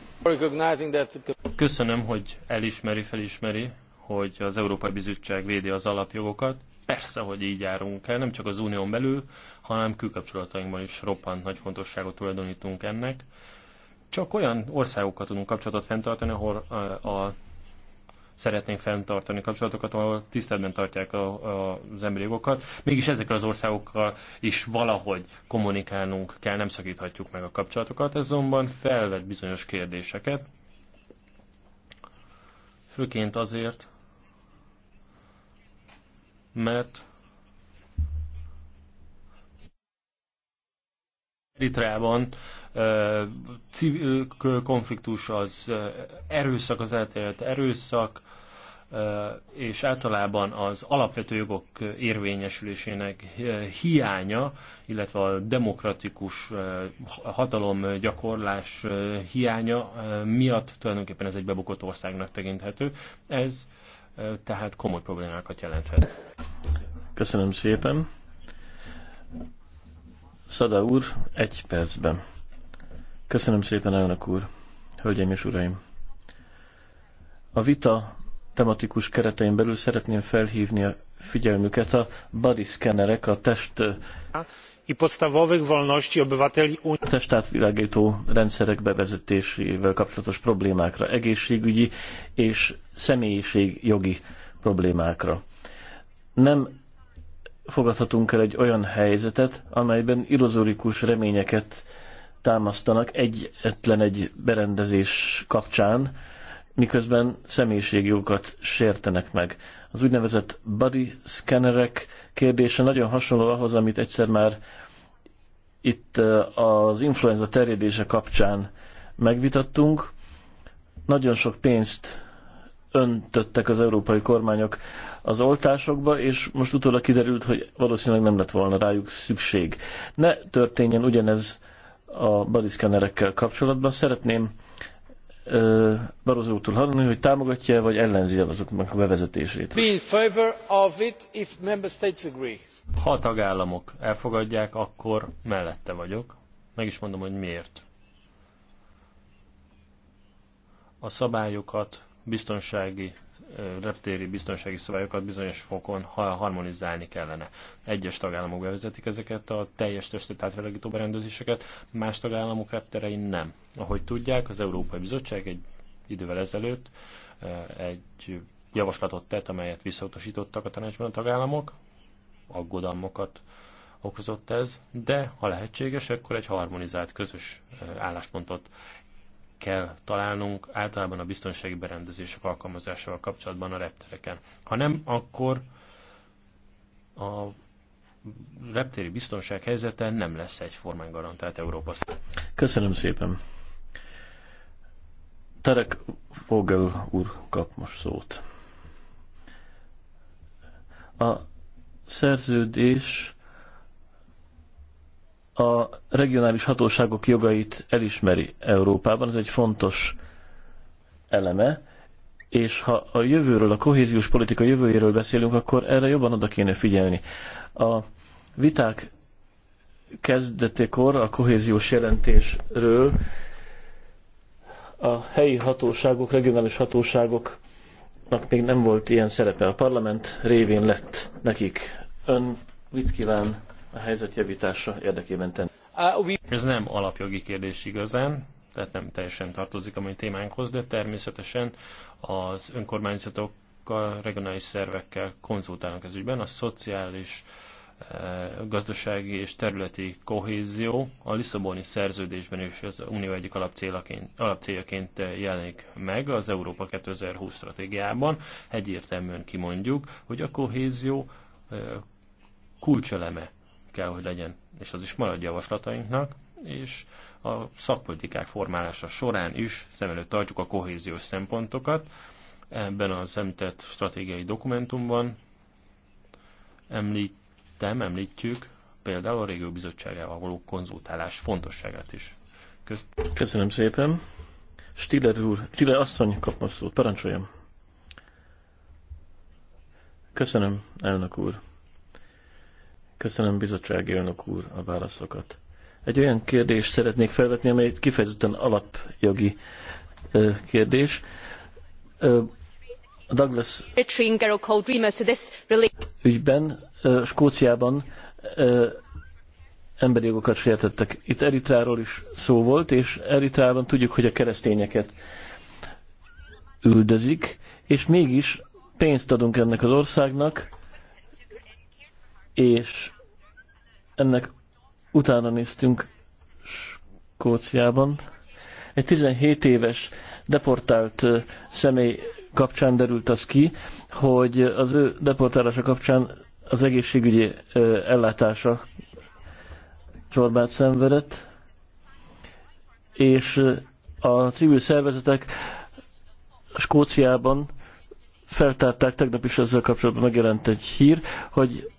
B: Köszönöm, hogy elismeri, felismeri, hogy az Európai Bizottság védi az alapjogokat. Persze, hogy így járunk el, nem csak az unión belül, hanem külkapcsolatainkban is roppant nagy fontosságot tulajdonítunk ennek. Csak olyan országokkal tudunk kapcsolatot fenntartani, ahol eh, a szeretnénk fenntartani kapcsolatokat, ahol tiszteletben tartják a, a, az emberi jogokat. Mégis ezekkel az országokkal is valahogy kommunikálnunk kell, nem szakíthatjuk meg a kapcsolatokat, ez azonban felvet bizonyos kérdéseket, főként azért, mert Eritreában civil konfliktus az erőszak, az elterjedt erőszak, és általában az alapvető jogok érvényesülésének hiánya, illetve a demokratikus hatalomgyakorlás hiánya miatt tulajdonképpen ez egy bebukott országnak tekinthető. Ez tehát komoly problémákat jelenthet.
A: Köszönöm szépen. Szada úr, egy percben. Köszönöm szépen, elnök úr, hölgyeim és uraim. A vita tematikus keretein belül szeretném felhívni a figyelmüket a body scannerek, a test i podstawowych wolności obywateli Unii. Testátvilágító rendszerek bevezetésével kapcsolatos problémákra, egészségügyi és személyiség jogi problémákra. Nem fogadhatunk el egy olyan helyzetet, amelyben illuzórikus reményeket támasztanak egyetlen egy berendezés kapcsán, miközben személyiségjogokat sértenek meg. Az úgynevezett body scannerek kérdése nagyon hasonló ahhoz, amit egyszer már itt eh, az influenza terjedése kapcsán megvitattunk. Nagyon sok pénzt öntöttek az európai kormányok az oltásokba, és most utólag kiderült, hogy valószínűleg nem lett volna rájuk szükség. Ne történjen ugyanez a badiszkenerekkel kapcsolatban. Szeretném Barroso úrtól hallani, hogy támogatja vagy ellenzi azoknak a bevezetését.
B: Be in favor of it if member states agree. Ha a tagállamok elfogadják, akkor mellette vagyok. Meg is mondom, hogy miért. A szabályokat biztonsági reptéri biztonsági szabályokat bizonyos fokon harmonizálni kellene. Egyes tagállamok bevezetik ezeket a teljes testet átvilágító berendezéseket, más tagállamok repterei nem. Ahogy tudják, az Európai Bizottság egy idővel ezelőtt eh, egy javaslatot tett, amelyet visszautasítottak a tanácsban a tagállamok, aggodalmokat okozott ez, de ha lehetséges, akkor egy harmonizált közös eh, álláspontot kell találnunk általában a biztonsági berendezések alkalmazásával kapcsolatban a reptereken. Ha nem, akkor a reptéri biztonság helyzete nem lesz egyformán garantált Európa
A: Köszönöm szépen. Terek Vogel úr kap most szót. A szerződés a regionális hatóságok jogait elismeri Európában, ez egy fontos eleme, és ha a jövőről, a kohéziós politika jövőjéről beszélünk, akkor erre jobban oda kéne figyelni. A viták kezdetekor a kohéziós jelentésről a helyi hatóságok, regionális hatóságoknak még nem volt ilyen szerepe. A parlament révén lett nekik. Ön mit kíván a helyzet javítása érdekében tenni. Uh, ez nem alapjogi kérdés
B: igazán, tehát nem teljesen tartozik a mai témánkhoz, de természetesen az önkormányzatokkal, regionális szervekkel konzultálnak ez ügyben. A szociális, eh, gazdasági és területi kohézió a Lisszaboni szerződésben is az Unió egyik alapcéljaként, alapcéljaként eh, jelenik meg az Európa 2020 stratégiában. Egyértelműen kimondjuk, hogy a kohézió eh, kulcseleme kell, hogy legyen, és az is marad javaslatainknak, és a szakpolitikák formálása során is szem előtt tartjuk a kohéziós szempontokat. Ebben az említett stratégiai dokumentumban említem, említjük például a régió bizottságával való konzultálás fontosságát is.
A: Köz... Köszönöm szépen. Stiller úr, Stiller asszony kap szót, parancsoljam. Köszönöm, elnök úr. Köszönöm bizottsági elnök úr a válaszokat. Egy olyan kérdést szeretnék felvetni, amely kifejezetten alapjogi kérdés. A Douglas ügyben Skóciában emberi jogokat sértettek. Itt Eritráról is szó volt, és Eritrában tudjuk, hogy a keresztényeket üldözik, és mégis pénzt adunk ennek az országnak, és ennek utána néztünk Skóciában. Egy 17 éves deportált személy kapcsán derült az ki, hogy az ő deportálása kapcsán az egészségügyi ellátása csorbát szenvedett, és a civil szervezetek Skóciában feltárták, tegnap is ezzel kapcsolatban megjelent egy hír, hogy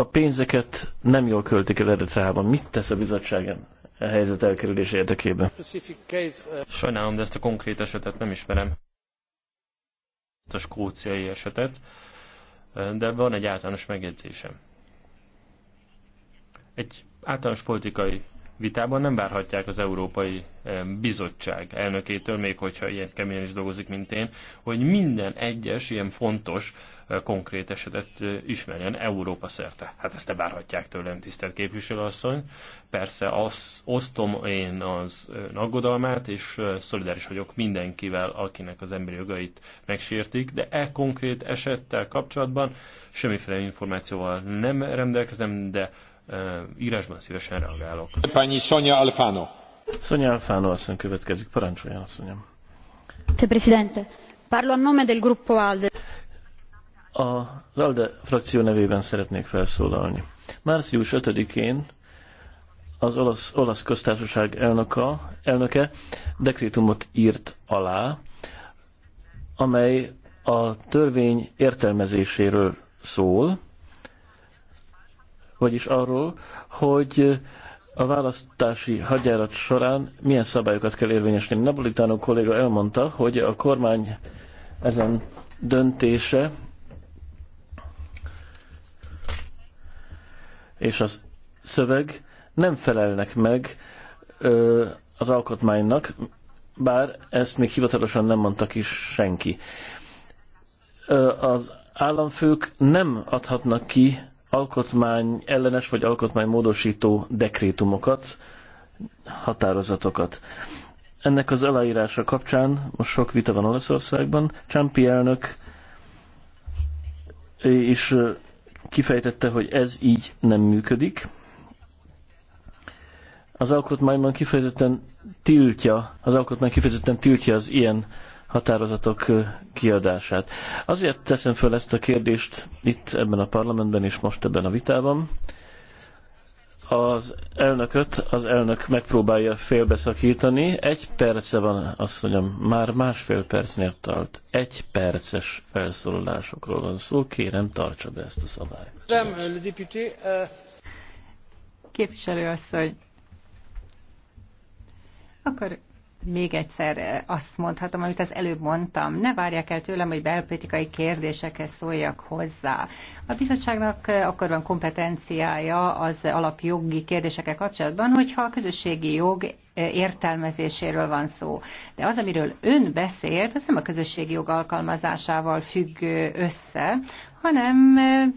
A: a pénzeket nem jól költik el Eritreában. Mit tesz a bizottság a e helyzet elkerülése érdekében? Sajnálom, de ezt a konkrét esetet nem ismerem.
B: A skóciai esetet. De van egy általános megjegyzésem. Egy általános politikai vitában nem várhatják az Európai eh, Bizottság elnökétől, még hogyha ilyen keményen is dolgozik, mint én, hogy minden egyes ilyen fontos, eh, konkrét esetet eh, ismerjen Európa szerte. Hát ezt te várhatják tőlem, tisztelt képviselőasszony. Persze az, osztom én az aggodalmát, és szolidáris vagyok mindenkivel, akinek az emberi jogait megsértik, de e konkrét esettel kapcsolatban semmiféle információval nem rendelkezem, de írásban szívesen reagálok. Pani Sonia Alfano.
A: Sonia Alfano azt következik, parancsoljon asszonyom.
C: Presidente, parlo a nome del gruppo ALDE.
A: Az ALDE frakció nevében szeretnék felszólalni. Március 5-én az olasz, olasz köztársaság elnöka, elnöke dekrétumot írt alá, amely a törvény értelmezéséről szól, vagyis arról, hogy a választási hadjárat során milyen szabályokat kell érvényesíteni. Napolitánó kolléga elmondta, hogy a kormány ezen döntése és a szöveg nem felelnek meg ö, az alkotmánynak, bár ezt még hivatalosan nem mondta ki senki. Ö, az államfők nem adhatnak ki alkotmány ellenes vagy alkotmánymódosító dekrétumokat, határozatokat. Ennek az aláírása kapcsán most sok vita van Olaszországban. Csámpi elnök is kifejtette, hogy ez így nem működik. Az alkotmányban kifejezetten tiltja, az alkotmány kifejezetten tiltja az ilyen határozatok kiadását. Azért teszem föl ezt a kérdést itt ebben a parlamentben és most ebben a vitában. Az elnököt az elnök megpróbálja félbeszakítani. Egy perce van, azt mondjam, már másfél percnél tart. Egy perces felszólalásokról van szó. Kérem, tartsa be ezt a szabályt.
C: Euh, euh, Képviselő asszony, akkor még egyszer eh, azt mondhatom, amit az előbb mondtam, ne várják el tőlem, hogy belpolitikai kérdésekhez szóljak hozzá. A bizottságnak eh, akkor van kompetenciája az alapjogi kérdésekkel kapcsolatban, hogyha a közösségi jog eh, értelmezéséről van szó. De az, amiről ön beszélt, az nem a közösségi jog alkalmazásával függ össze, hanem eh,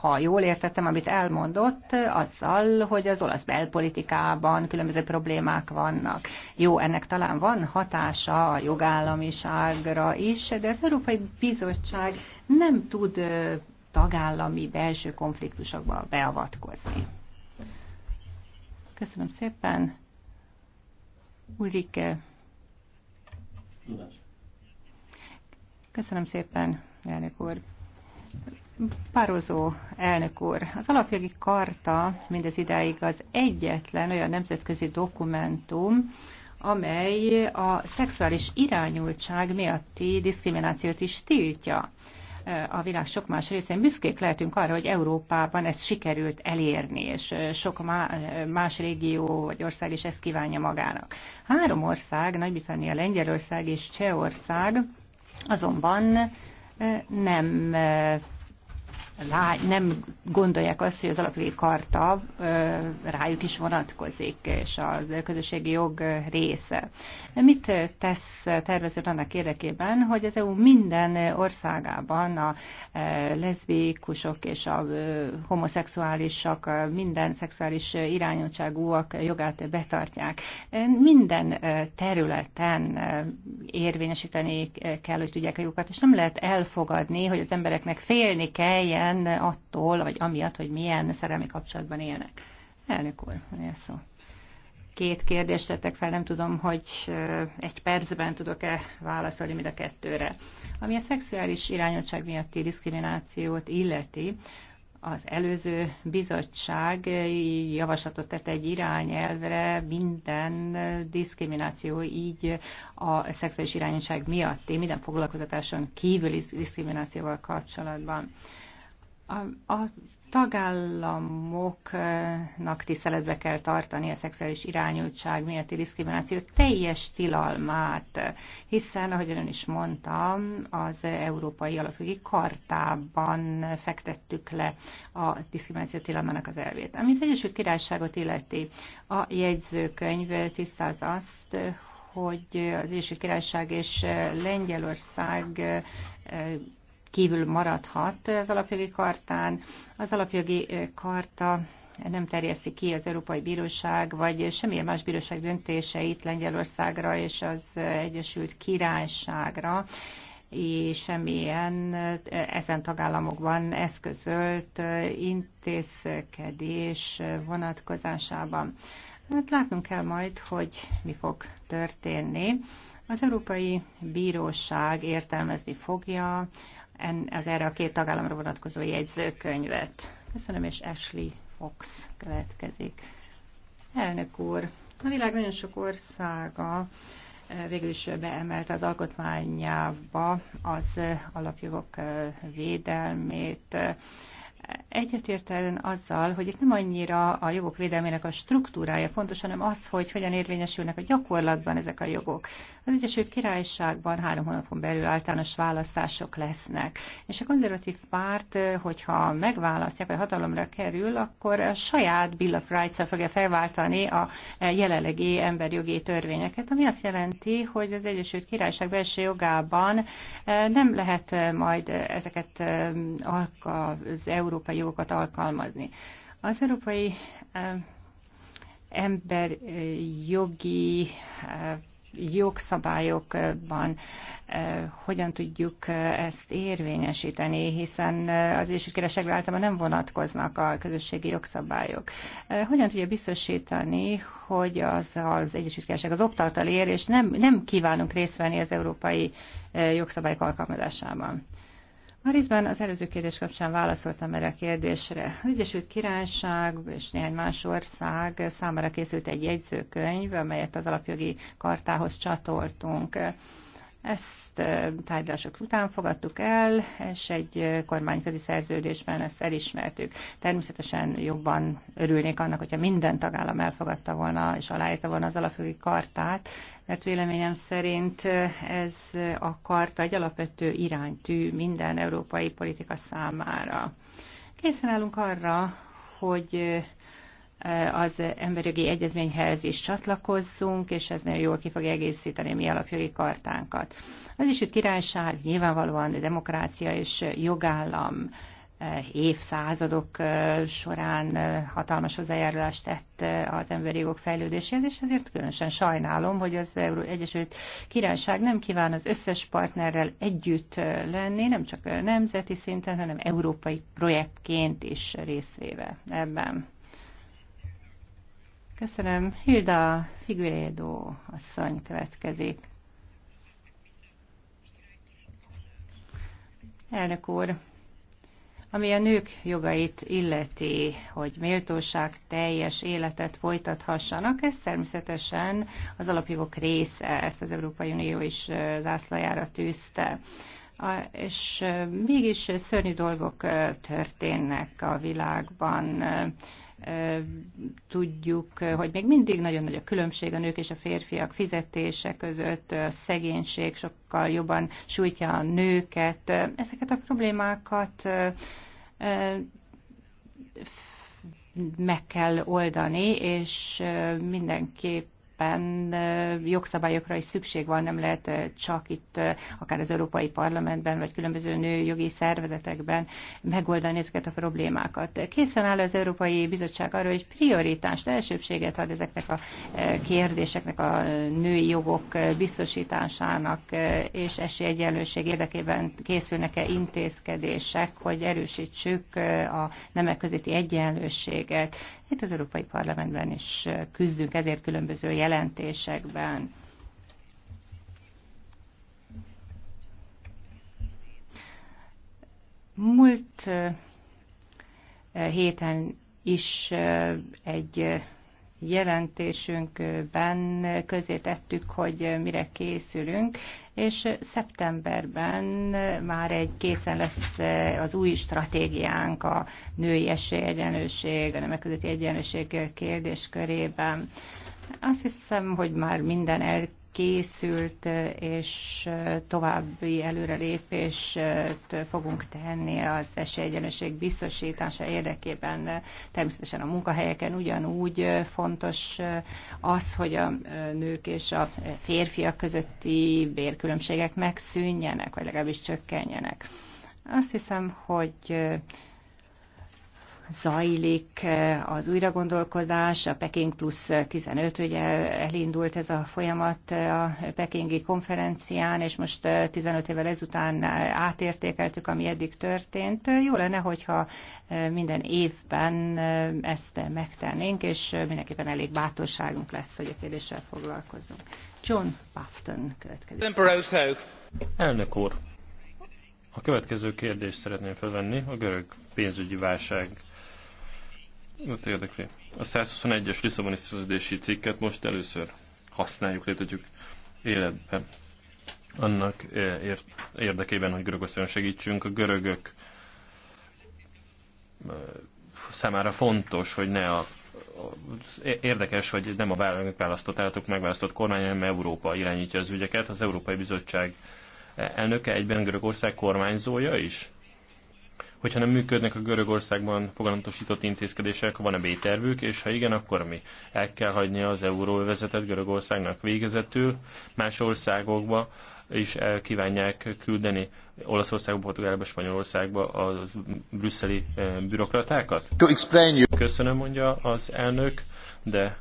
C: ha jól értettem, amit elmondott, eh, azzal, hogy az olasz belpolitikában különböző problémák vannak. Jó, ennek talán van hatása a jogállamiságra is, de az Európai Bizottság nem tud eh, tagállami belső konfliktusokba beavatkozni. Köszönöm szépen. Ulrike. Köszönöm szépen, elnök úr. Pározó elnök úr, az alapjogi karta mindez idáig az egyetlen olyan nemzetközi dokumentum, amely a szexuális irányultság miatti diszkriminációt is tiltja. A világ sok más részén büszkék lehetünk arra, hogy Európában ezt sikerült elérni, és sok más régió vagy ország is ezt kívánja magának. Három ország, Nagy-Britannia, Lengyelország és Csehország azonban nem nem gondolják azt, hogy az alapjogi karta rájuk is vonatkozik, és a közösségi jog része. Mit tesz tervező annak érdekében, hogy az EU minden országában a leszbikusok és a homoszexuálisak, minden szexuális irányultságúak jogát betartják. Minden területen érvényesíteni kell, hogy tudják a jogokat, és nem lehet elfogadni, hogy az embereknek félni kell, féljen attól, vagy amiatt, hogy milyen szerelmi kapcsolatban élnek. Elnök úr, szó. Két kérdést tettek fel, nem tudom, hogy egy percben tudok-e válaszolni mind a kettőre. Ami a szexuális irányultság miatti diszkriminációt illeti, az előző bizottság javaslatot tett egy irányelvre minden diszkrimináció, így a szexuális irányultság miatti, minden foglalkozatáson kívüli diszkriminációval kapcsolatban. A, a tagállamoknak tiszteletbe kell tartani a szexuális irányultság miatti diszkrimináció teljes tilalmát, hiszen, ahogy ön is mondtam, az Európai Alapjogi Kartában fektettük le a diszkrimináció tilalmának az elvét. Ami az Egyesült Királyságot illeti, a jegyzőkönyv tisztáz azt, hogy az Egyesült Királyság és Lengyelország kívül maradhat az alapjogi kartán. Az alapjogi karta nem terjeszti ki az Európai Bíróság, vagy semmilyen más bíróság döntéseit Lengyelországra és az Egyesült Királyságra és semmilyen ezen tagállamokban eszközölt intézkedés vonatkozásában. Hát látnunk kell majd, hogy mi fog történni. Az Európai Bíróság értelmezni fogja az erre a két tagállamra vonatkozó jegyzőkönyvet. Köszönöm, és Ashley Fox következik. Elnök úr, a világ nagyon sok országa eh, végül is beemelte az alkotmányába az eh, alapjogok eh, védelmét egyetértelően, azzal, hogy itt nem annyira a jogok védelmének a struktúrája fontos, hanem az, hogy hogyan érvényesülnek a gyakorlatban ezek a jogok. Az Egyesült Királyságban három hónapon belül általános választások lesznek, és a konzervatív párt, hogyha megválasztják, vagy hatalomra kerül, akkor a saját Bill of rights fogja felváltani a jelenlegi emberjogi törvényeket, ami azt jelenti, hogy az Egyesült Királyság belső jogában eh, nem lehet eh, majd eh, ezeket az EU európai jogokat alkalmazni. Az európai jogi jogszabályokban hogyan tudjuk ezt érvényesíteni, hiszen az Egyesült általában nem vonatkoznak a közösségi jogszabályok. Hogyan tudja biztosítani, hogy az, az Egyesült Királyság az oktatal ér, és nem, nem kívánunk részt venni az európai jogszabályok alkalmazásában? Már részben az előző kérdés kapcsán válaszoltam erre a kérdésre. Az Egyesült Királyság és néhány más ország számára készült egy jegyzőkönyv, amelyet az alapjogi kartához csatoltunk. Ezt tárgyalások után fogadtuk el, és egy kormányközi szerződésben ezt elismertük. Természetesen jobban örülnék annak, hogyha minden tagállam elfogadta volna és aláírta volna az alapjogi kartát, mert véleményem szerint ez a karta egy alapvető iránytű minden európai politika számára. Készen állunk arra, hogy az emberjogi egyezményhez is csatlakozzunk, és ez nagyon jól ki fog egészíteni a mi alapjogi kartánkat. Az Egyesült Királyság nyilvánvalóan demokrácia és jogállam évszázadok során hatalmas hozzájárulást tett az emberi jogok fejlődéséhez, és ezért különösen sajnálom, hogy az Euró Egyesült Királyság nem kíván az összes partnerrel együtt lenni, nem csak nemzeti szinten, hanem európai projektként is részvéve ebben. Köszönöm. Hilda Figurédó asszony következik. Elnök úr, ami a nők jogait illeti, hogy méltóság teljes életet folytathassanak, ez természetesen az alapjogok része, ezt az Európai Unió is zászlajára tűzte. És mégis szörnyű dolgok történnek a világban tudjuk, hogy még mindig nagyon nagy a különbség a nők és a férfiak fizetése között, a szegénység sokkal jobban sújtja a nőket. Ezeket a problémákat meg kell oldani, és mindenképp mindenképpen jogszabályokra is szükség van, nem lehet csak itt, akár az Európai Parlamentben, vagy különböző nőjogi szervezetekben megoldani ezeket a problémákat. Készen áll az Európai Bizottság arra, hogy prioritást, elsőbséget ad ezeknek a kérdéseknek a női jogok biztosításának és esélyegyenlőség érdekében készülnek-e intézkedések, hogy erősítsük a nemek közötti egyenlőséget. Itt az Európai Parlamentben is küzdünk ezért különböző jelen jelentésekben. Múlt héten is egy jelentésünkben közétettük, hogy mire készülünk, és szeptemberben már egy készen lesz az új stratégiánk a női esélyegyenlőség, a nemek közötti egyenlőség kérdéskörében. Azt hiszem, hogy már minden elkészült, és további előrelépést fogunk tenni az esélyegyenlőség biztosítása érdekében. Természetesen a munkahelyeken ugyanúgy fontos az, hogy a nők és a férfiak közötti bérkülönbségek megszűnjenek, vagy legalábbis csökkenjenek. Azt hiszem, hogy zajlik eh, az újragondolkozás, a Peking plusz 15, ugye elindult ez a folyamat eh, a pekingi konferencián, és most 15 eh, évvel ezután átértékeltük, ami eddig történt. Jó lenne, hogyha minden évben ezt megtennénk, és mindenképpen elég bátorságunk lesz, hogy a kérdéssel foglalkozunk. John Bafton
B: következik. Elnök úr, a következő kérdést szeretném felvenni, a görög pénzügyi válság ott érdekli. A 121-es Lisszaboni szerződési cikket most először használjuk, létezik életbe. Annak eh, érdekében, hogy Görögországon segítsünk, a görögök eh, számára fontos, hogy ne a Érdekes, hogy nem a választott állatok megválasztott kormány, hanem Európa irányítja az ügyeket. Az Európai Bizottság eh, elnöke egyben Görögország kormányzója is? Hogyha nem működnek a Görögországban fogalmatosított intézkedések, van-e B-tervük, és ha igen, akkor mi? El kell hagyni az euróvezetet Görögországnak végezetül, más országokba is el kívánják küldeni Olaszországba, Portugálba, Spanyolországba a brüsszeli eh, bürokratákat? Köszönöm, mondja az elnök, de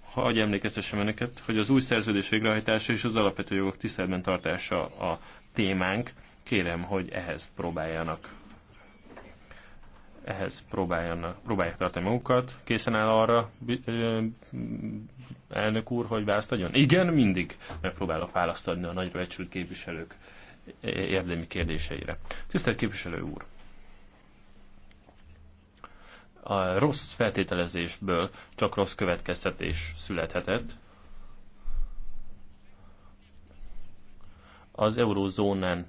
B: hogy emlékeztessem önöket, hogy az új szerződés végrehajtása és az alapvető jogok tiszteletben tartása a témánk. Kérem, hogy ehhez próbáljanak ehhez próbáljanak, próbálják tartani magukat. Készen áll arra, elnök úr, hogy választ adjon? Igen, mindig megpróbálok választ adni a nagyra becsült képviselők érdemi kérdéseire. Tisztelt képviselő úr! A rossz feltételezésből csak rossz következtetés születhetett. Az eurózónán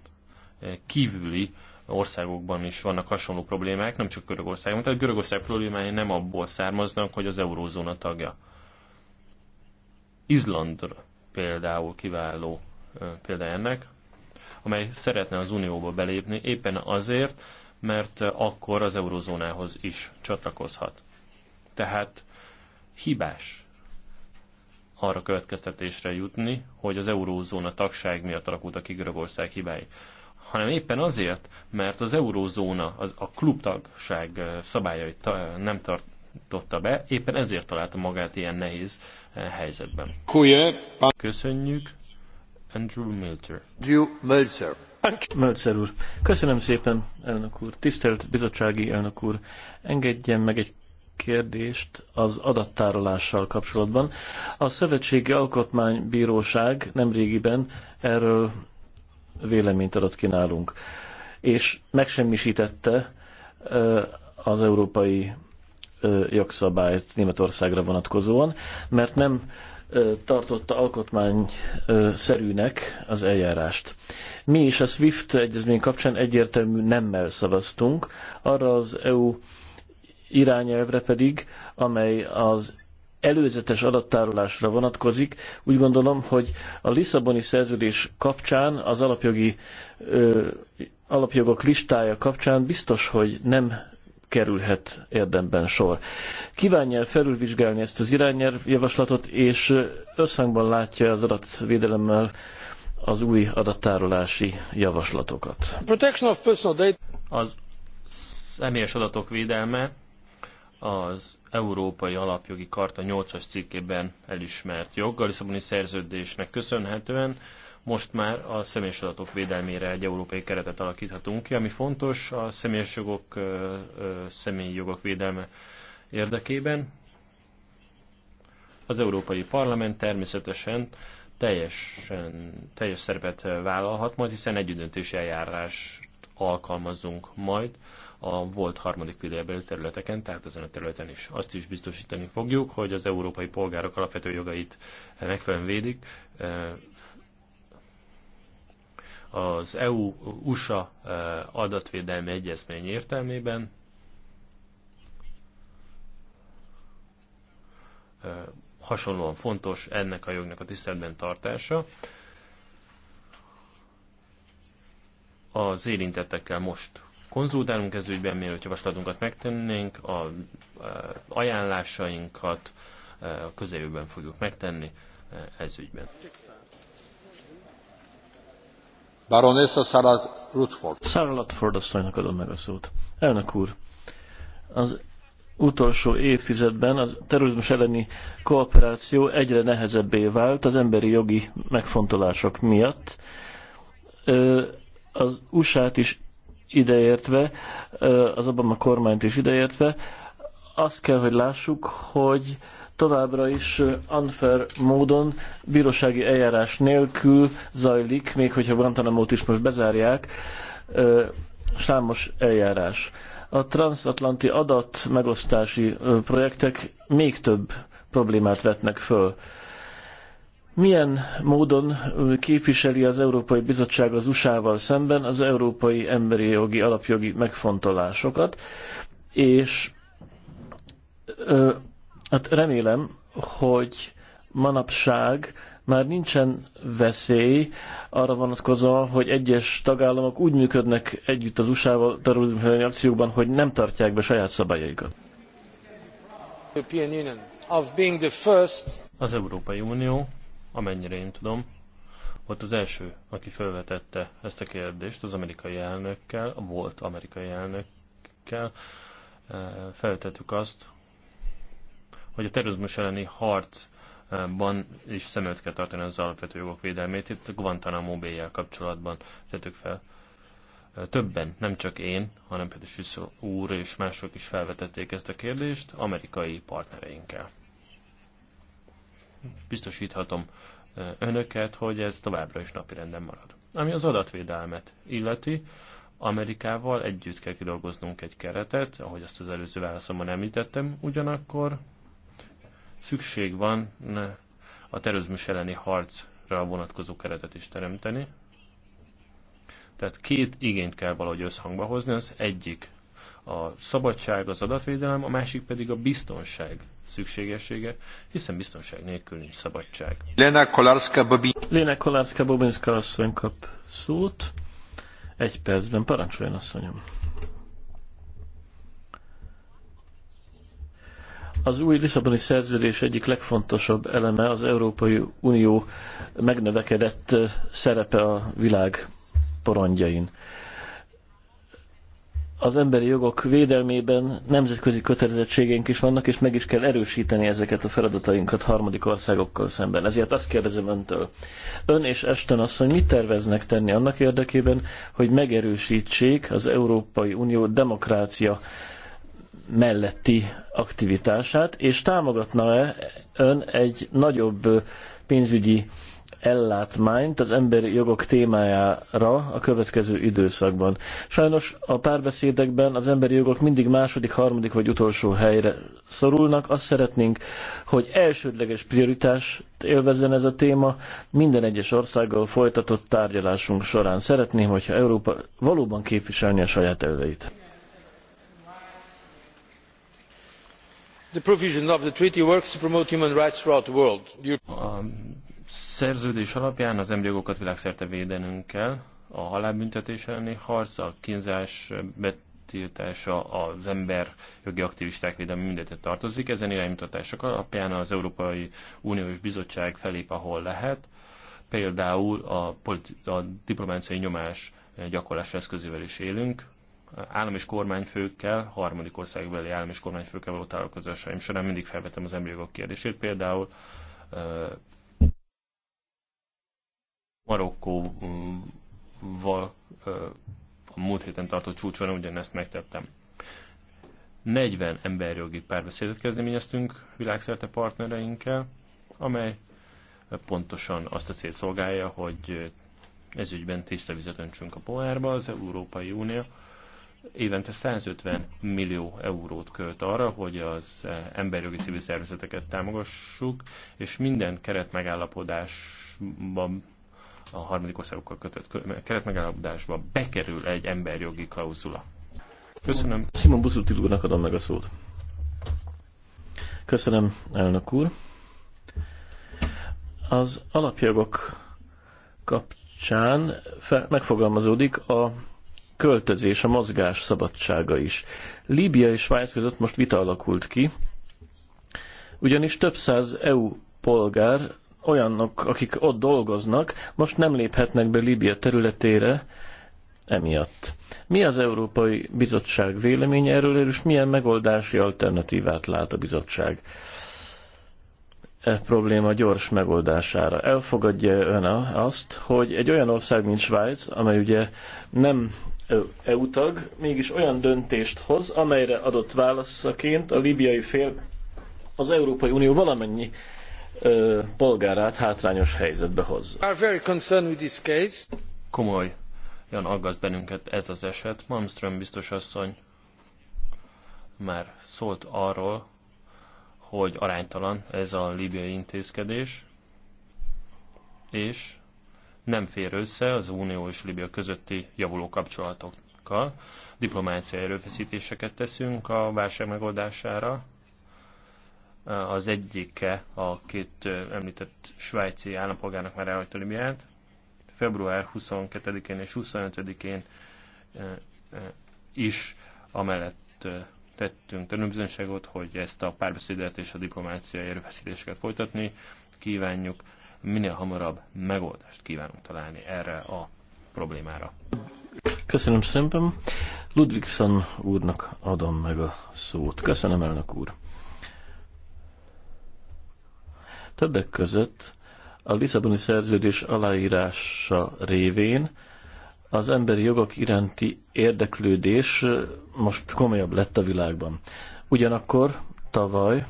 B: kívüli országokban is vannak hasonló problémák, nem csak Görögországban. Tehát Görögország problémái nem abból származnak, hogy az eurózóna tagja. Izland például kiváló példa ennek, amely szeretne az unióba belépni éppen azért, mert akkor az eurozónához is csatlakozhat. Tehát hibás arra következtetésre jutni, hogy az eurózóna tagság miatt alakultak ki Görögország hibái hanem éppen azért, mert az eurózóna az a klubtagság szabályait ta, nem tartotta be, éppen ezért találta magát ilyen nehéz helyzetben.
A: Köszönjük, Andrew Milter. Andrew Milter. Mölcer úr. Köszönöm szépen, elnök úr. Tisztelt bizottsági elnök úr, engedjen meg egy kérdést az adattárolással kapcsolatban. A Szövetségi Alkotmánybíróság nemrégiben erről véleményt adott ki nálunk, és megsemmisítette az európai jogszabályt Németországra vonatkozóan, mert nem tartotta alkotmány szerűnek az eljárást. Mi is a SWIFT egyezmény kapcsán egyértelmű nemmel szavaztunk, arra az EU irányelvre pedig, amely az előzetes adattárolásra vonatkozik. Úgy gondolom, hogy a Lisszaboni szerződés kapcsán, az alapjogi ö, alapjogok listája kapcsán biztos, hogy nem kerülhet érdemben sor. Kívánja felülvizsgálni ezt az irányjavaslatot, és összhangban látja az adatvédelemmel az új adattárolási javaslatokat.
B: Az személyes adatok védelme az Európai Alapjogi Karta 8-as cikkében elismert jog, a Lisszaboni szerződésnek köszönhetően most már a személyes adatok védelmére egy európai keretet alakíthatunk ki, ami fontos a személyes jogok, személyi jogok védelme érdekében. Az Európai Parlament természetesen teljesen, teljes szerepet vállalhat majd, hiszen együttdöntési eljárás alkalmazzunk majd a volt harmadik világbeli területeken, tehát ezen a területen is. Azt is biztosítani fogjuk, hogy az európai polgárok alapvető jogait megfelelően védik. Az EU-USA e, adatvédelmi egyezmény értelmében e, hasonlóan fontos ennek a jognak a tiszteletben tartása. az érintettekkel most konzultálunk ez ügyben, mielőtt javaslatunkat megtennénk, a ajánlásainkat a közeljövőben fogjuk megtenni e, ez ügyben.
A: Baronessa Sarah Rutford. Sarah Rutford asszonynak adom meg a szót. Elnök úr, az utolsó évtizedben az terrorizmus elleni kooperáció egyre nehezebbé vált az emberi jogi megfontolások miatt. Ö, az USA-t is ideértve, az Obama kormányt is ideértve, azt kell, hogy lássuk, hogy továbbra is unfair módon, bírósági eljárás nélkül zajlik, még hogyha guantanamo is most bezárják, számos eljárás. A transatlanti adat megosztási projektek még több problémát vetnek föl milyen módon képviseli az Európai Bizottság az USA-val szemben az európai emberi jogi, alapjogi megfontolásokat, és ö, hát remélem, hogy manapság már nincsen veszély arra vonatkozóan, hogy egyes tagállamok úgy működnek együtt az USA-val terrorizmuselleni akciókban, hogy nem tartják be saját szabályaikat.
B: Az Európai Unió amennyire én tudom, volt az első, aki felvetette ezt a kérdést az amerikai elnökkel, a volt amerikai elnökkel. Felvetettük azt, hogy a terrorizmus elleni harcban is szem előtt kell tartani az alapvető jogok védelmét. Itt a Guantanamo bay kapcsolatban tettük fel. Többen, nem csak én, hanem például úr és mások is felvetették ezt a kérdést amerikai partnereinkkel biztosíthatom önöket, hogy ez továbbra is napirenden marad. Ami az adatvédelmet illeti, Amerikával együtt kell kidolgoznunk egy keretet, ahogy azt az előző válaszomban említettem, ugyanakkor szükség van a terrorizmus elleni harcra vonatkozó keretet is teremteni. Tehát két igényt kell valahogy összhangba hozni, az egyik a szabadság, az adatvédelem, a másik pedig a biztonság szükségessége, hiszen biztonság nélkül nincs szabadság.
A: Lena Kolarska-Bobinska asszony kap szót. Egy percben parancsoljon, asszonyom. Az új Lisszaboni szerződés egyik legfontosabb eleme az Európai Unió megnövekedett eh, szerepe a világ porondjain az emberi jogok védelmében nemzetközi kötelezettségeink is vannak, és meg is kell erősíteni ezeket a feladatainkat harmadik országokkal szemben. Ezért azt kérdezem öntől. Ön és Esten asszony mit terveznek tenni annak érdekében, hogy megerősítsék az Európai Unió demokrácia melletti aktivitását, és támogatna-e ön egy nagyobb pénzügyi ellátmányt az emberi jogok témájára a következő időszakban. Sajnos a párbeszédekben az emberi jogok mindig második, harmadik vagy utolsó helyre szorulnak. Azt szeretnénk, hogy elsődleges prioritást élvezzen ez a téma minden egyes országgal folytatott tárgyalásunk során. Szeretném, hogyha Európa valóban képviselni a saját elveit.
B: the provision of the treaty works to promote human rights throughout the world szerződés alapján az jogokat világszerte védenünk kell, a halálbüntetés elleni harc, a kínzás betiltása, az ember jogi aktivisták védelmi mindent tartozik. Ezen iránymutatások alapján az Európai Uniós Bizottság felép, ahol lehet, például a, a diplomáciai nyomás gyakorlás eszközével is élünk, állam és kormányfőkkel, harmadik országbeli állam és kormányfőkkel való találkozásaim során mindig felvetem az emberi jogok kérdését, például Marokkóval a múlt héten tartott csúcson ugyanezt megtettem. 40 emberjogi párbeszédet kezdeményeztünk világszerte partnereinkkel, amely pontosan azt a célt szolgálja, hogy ügyben tiszta vizet öntsünk a pohárba. Az Európai Unió évente 150 millió eurót költ arra, hogy az emberjogi civil szervezeteket támogassuk, és minden keret megállapodásban a harmadik országokkal kötött keretmegállapodásba bekerül egy emberjogi
A: klauzula. Köszönöm. Simon Buszutil úrnak adom meg a szót. Köszönöm, elnök úr. Az alapjogok kapcsán megfogalmazódik a költözés, a mozgás szabadsága is. Líbia és Svájc között most vita alakult ki, ugyanis több száz EU polgár olyanok, akik ott dolgoznak, most nem léphetnek be Líbia területére emiatt. Mi az Európai Bizottság véleménye erről, és milyen megoldási alternatívát lát a bizottság e probléma gyors megoldására? Elfogadja ön azt, hogy egy olyan ország, mint Svájc, amely ugye nem EU tag, mégis olyan döntést hoz, amelyre adott válaszaként a libiai fél az Európai Unió valamennyi polgárát hátrányos helyzetbe hozza. Komoly, olyan aggaszt bennünket ez az
B: eset. Malmström biztos asszony már szólt arról, hogy aránytalan ez a libiai intézkedés, és nem fér össze az Unió és Libia közötti javuló kapcsolatokkal. Diplomáciai erőfeszítéseket teszünk a válság megoldására, az egyike a két említett svájci állampolgárnak már elhagyta Libiát. Február 22-én és 25-én is amellett tettünk tanúbizonyságot, hogy ezt a párbeszédet és a diplomáciai erőfeszítéseket folytatni kívánjuk. Minél hamarabb megoldást kívánunk találni erre a problémára.
A: Köszönöm szépen. Ludvigson úrnak adom meg a szót. Köszönöm, elnök úr. Többek között a Lisszaboni szerződés aláírása révén az emberi jogok iránti érdeklődés most komolyabb lett a világban. Ugyanakkor tavaly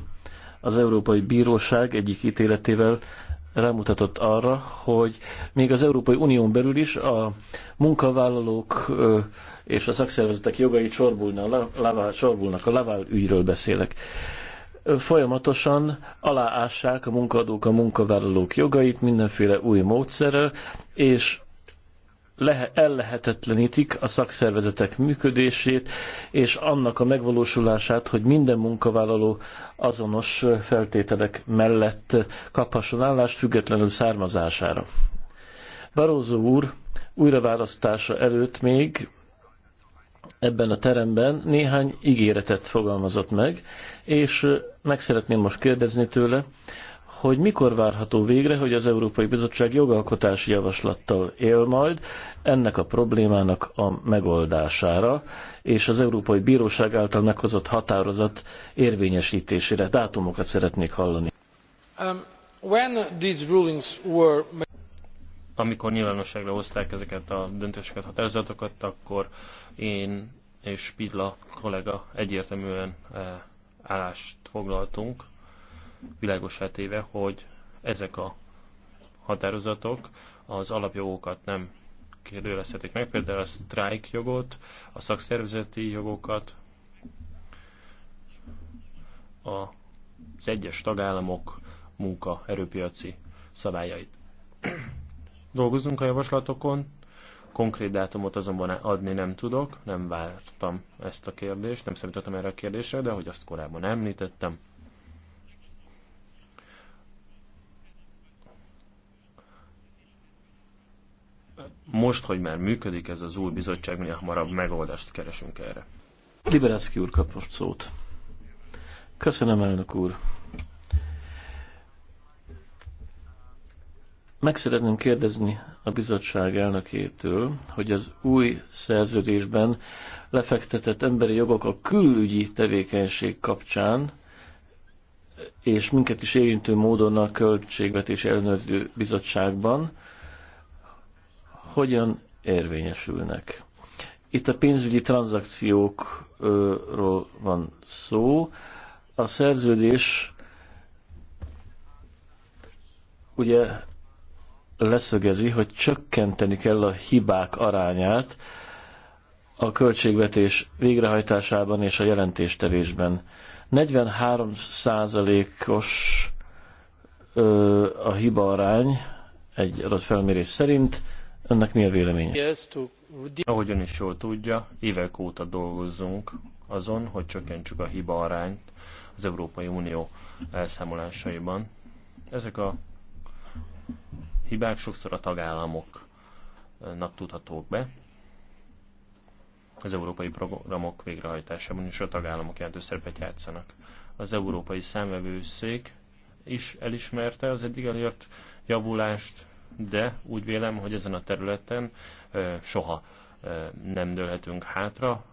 A: az Európai Bíróság egyik ítéletével rámutatott arra, hogy még az Európai Unión belül is a munkavállalók és a szakszervezetek jogai csorbulnak, a lavál, a lavál ügyről beszélek folyamatosan aláássák a munkadók, a munkavállalók jogait mindenféle új módszerrel, és lehe, ellehetetlenítik a szakszervezetek működését, és annak a megvalósulását, hogy minden munkavállaló azonos feltételek mellett kaphasson állást függetlenül származására. Barózó úr újraválasztása előtt még ebben a teremben néhány ígéretet fogalmazott meg, és meg szeretném most kérdezni tőle, hogy mikor várható végre, hogy az Európai Bizottság jogalkotási javaslattal él majd ennek a problémának a megoldására, és az Európai Bíróság által meghozott határozat érvényesítésére. Dátumokat szeretnék hallani. Um, when these rulings were...
B: Amikor nyilvánosságra hozták ezeket a döntéseket, határozatokat, akkor én és Pidla kollega egyértelműen eh, állást foglaltunk, világos téve, hogy ezek a határozatok az alapjogokat nem kérdőjelezhetik meg, például a strike jogot, a szakszervezeti jogokat, a, az egyes tagállamok munkaerőpiaci szabályait. Dolgozunk a javaslatokon, Konkrét dátumot azonban adni nem tudok, nem vártam ezt a kérdést, nem számítottam erre a kérdésre, de ahogy azt korábban említettem, most, hogy már működik ez az új bizottság, minél hamarabb megoldást keresünk erre.
A: Liberácki úr kapott szót. Köszönöm, elnök úr. Meg szeretném kérdezni a bizottság elnökétől, hogy az új szerződésben lefektetett emberi jogok a külügyi tevékenység kapcsán és minket is érintő módon a Költségvetés Ellenőrző Bizottságban hogyan érvényesülnek. Itt a pénzügyi tranzakciókról van szó. A szerződés ugye leszögezi, hogy csökkenteni kell a hibák arányát a költségvetés végrehajtásában és a jelentéstevésben. 43 százalékos a hiba arány egy adott felmérés szerint. Önnek mi a véleménye?
B: Ahogy ön is jól tudja, évek óta dolgozzunk azon, hogy csökkentsük a hiba arányt az Európai Unió elszámolásaiban. Ezek a hibák sokszor a tagállamoknak tudhatók be. Az európai programok végrehajtásában is a tagállamok jelentős szerepet játszanak. Az európai számvevőszék is elismerte az eddig elért javulást, de úgy vélem, hogy ezen a területen soha nem dőlhetünk hátra,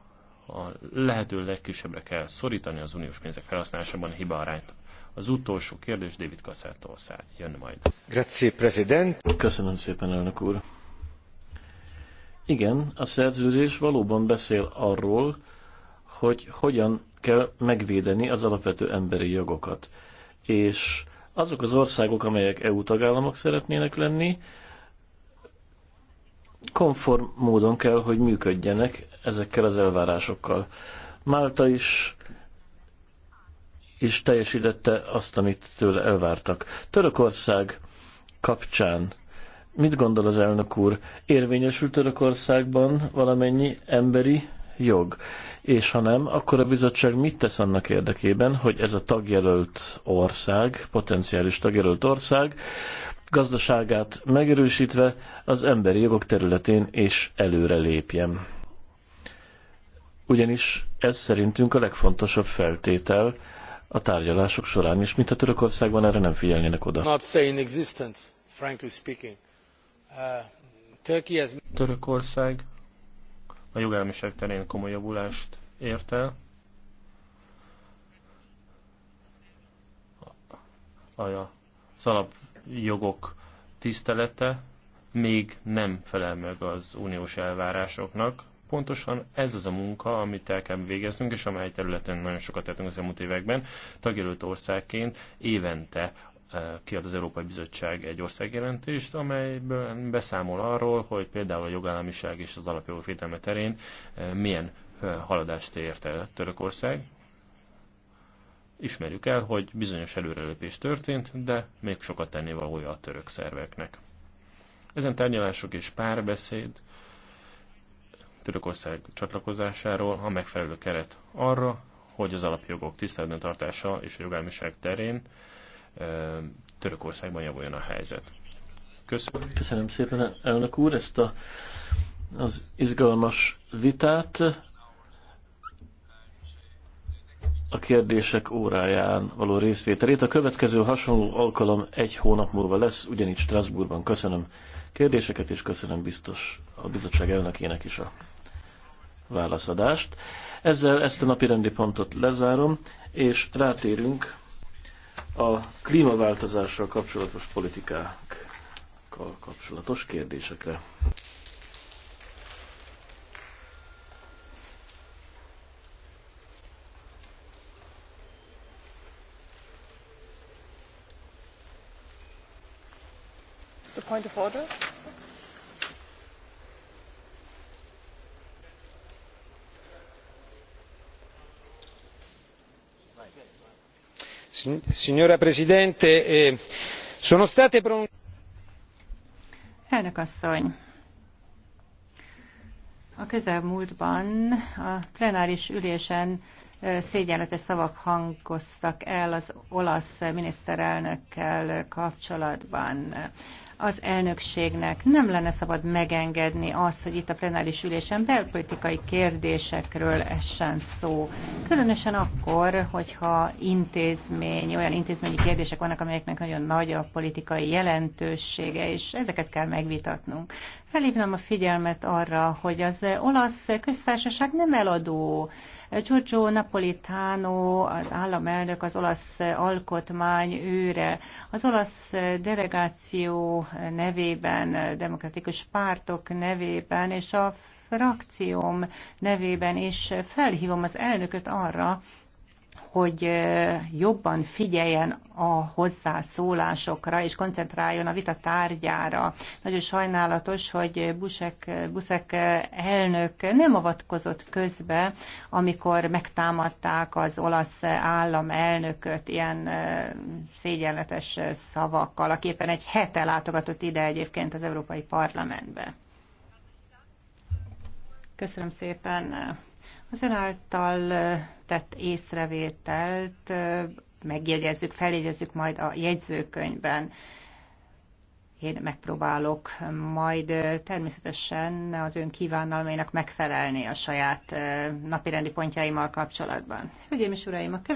B: a lehető legkisebbre kell szorítani az uniós pénzek felhasználásában a hiba arányt. Az utolsó kérdés David Kasszától jön majd.
A: Grazie, president. Köszönöm szépen, elnök úr. Igen, a szerződés valóban beszél arról, hogy hogyan kell megvédeni az alapvető emberi jogokat. És azok az országok, amelyek EU tagállamok szeretnének lenni, konform módon kell, hogy működjenek ezekkel az elvárásokkal. Málta is és teljesítette azt, amit tőle elvártak. Törökország kapcsán mit gondol az elnök úr? Érvényesül Törökországban valamennyi emberi jog? És ha nem, akkor a bizottság mit tesz annak érdekében, hogy ez a tagjelölt ország, potenciális tagjelölt ország gazdaságát megerősítve az emberi jogok területén is előrelépjen? Ugyanis ez szerintünk a legfontosabb feltétel, a tárgyalások során is, mintha a Törökországban erre nem figyelnének oda.
B: Uh, Törökország a jogállamiság terén komoly javulást ért el. Az alapjogok tisztelete még nem felel meg az uniós elvárásoknak, Pontosan ez az a munka, amit el kell végeznünk, és amely területen nagyon sokat tettünk az elmúlt években. Tagjelölt országként évente eh, kiad az Európai Bizottság egy országjelentést, amelyben beszámol arról, hogy például a jogállamiság és az alapjogok védelme terén eh, milyen eh, haladást ért el Törökország. Ismerjük el, hogy bizonyos előrelépés történt, de még sokat tenni valója a török szerveknek. Ezen tárgyalások és párbeszéd Törökország csatlakozásáról a megfelelő keret arra, hogy az alapjogok tiszteletben tartása és a
A: jogállamiság terén Törökországban javuljon a helyzet. Köszönöm. Köszönöm szépen, elnök úr, ezt a, az izgalmas vitát. A kérdések óráján való részvételét. A következő hasonló alkalom egy hónap múlva lesz, ugyanígy Strasbourgban. Köszönöm kérdéseket, és köszönöm biztos a bizottság elnökének is a válaszadást. Ezzel ezt a napi rendi pontot lezárom, és rátérünk a klímaváltozással kapcsolatos politikákkal kapcsolatos kérdésekre. The point of order? signora presidente eh, sono state pronunciate.
C: elnök asszony a közelmúltban a plenáris ülésen szégyenletes szavak hangoztak el az olasz miniszterelnökkel kapcsolatban az elnökségnek nem lenne szabad megengedni azt, hogy itt a plenáris ülésen belpolitikai kérdésekről essen szó. Különösen akkor, hogyha intézmény, olyan intézményi kérdések vannak, amelyeknek nagyon nagy a politikai jelentősége, és ezeket kell megvitatnunk. Felhívnám a figyelmet arra, hogy az olasz köztársaság nem eladó Giorgio Napolitano, az államelnök, az olasz alkotmány őre, az olasz delegáció nevében, demokratikus pártok nevében és a frakcióm nevében, és felhívom az elnököt arra, hogy jobban figyeljen a hozzászólásokra, és koncentráljon a vita tárgyára. Nagyon sajnálatos, hogy Busek, Buszek elnök nem avatkozott közbe, amikor megtámadták az olasz állam elnököt ilyen szégyenletes szavakkal, aki éppen egy hete látogatott ide egyébként az Európai Parlamentbe. Köszönöm szépen. Az ön által tett észrevételt megjegyezzük, feljegyezzük majd a jegyzőkönyvben. Én megpróbálok majd természetesen az ön kívánalmainak megfelelni a saját napirendi pontjaimmal kapcsolatban. Hölgyeim és uraim, a következő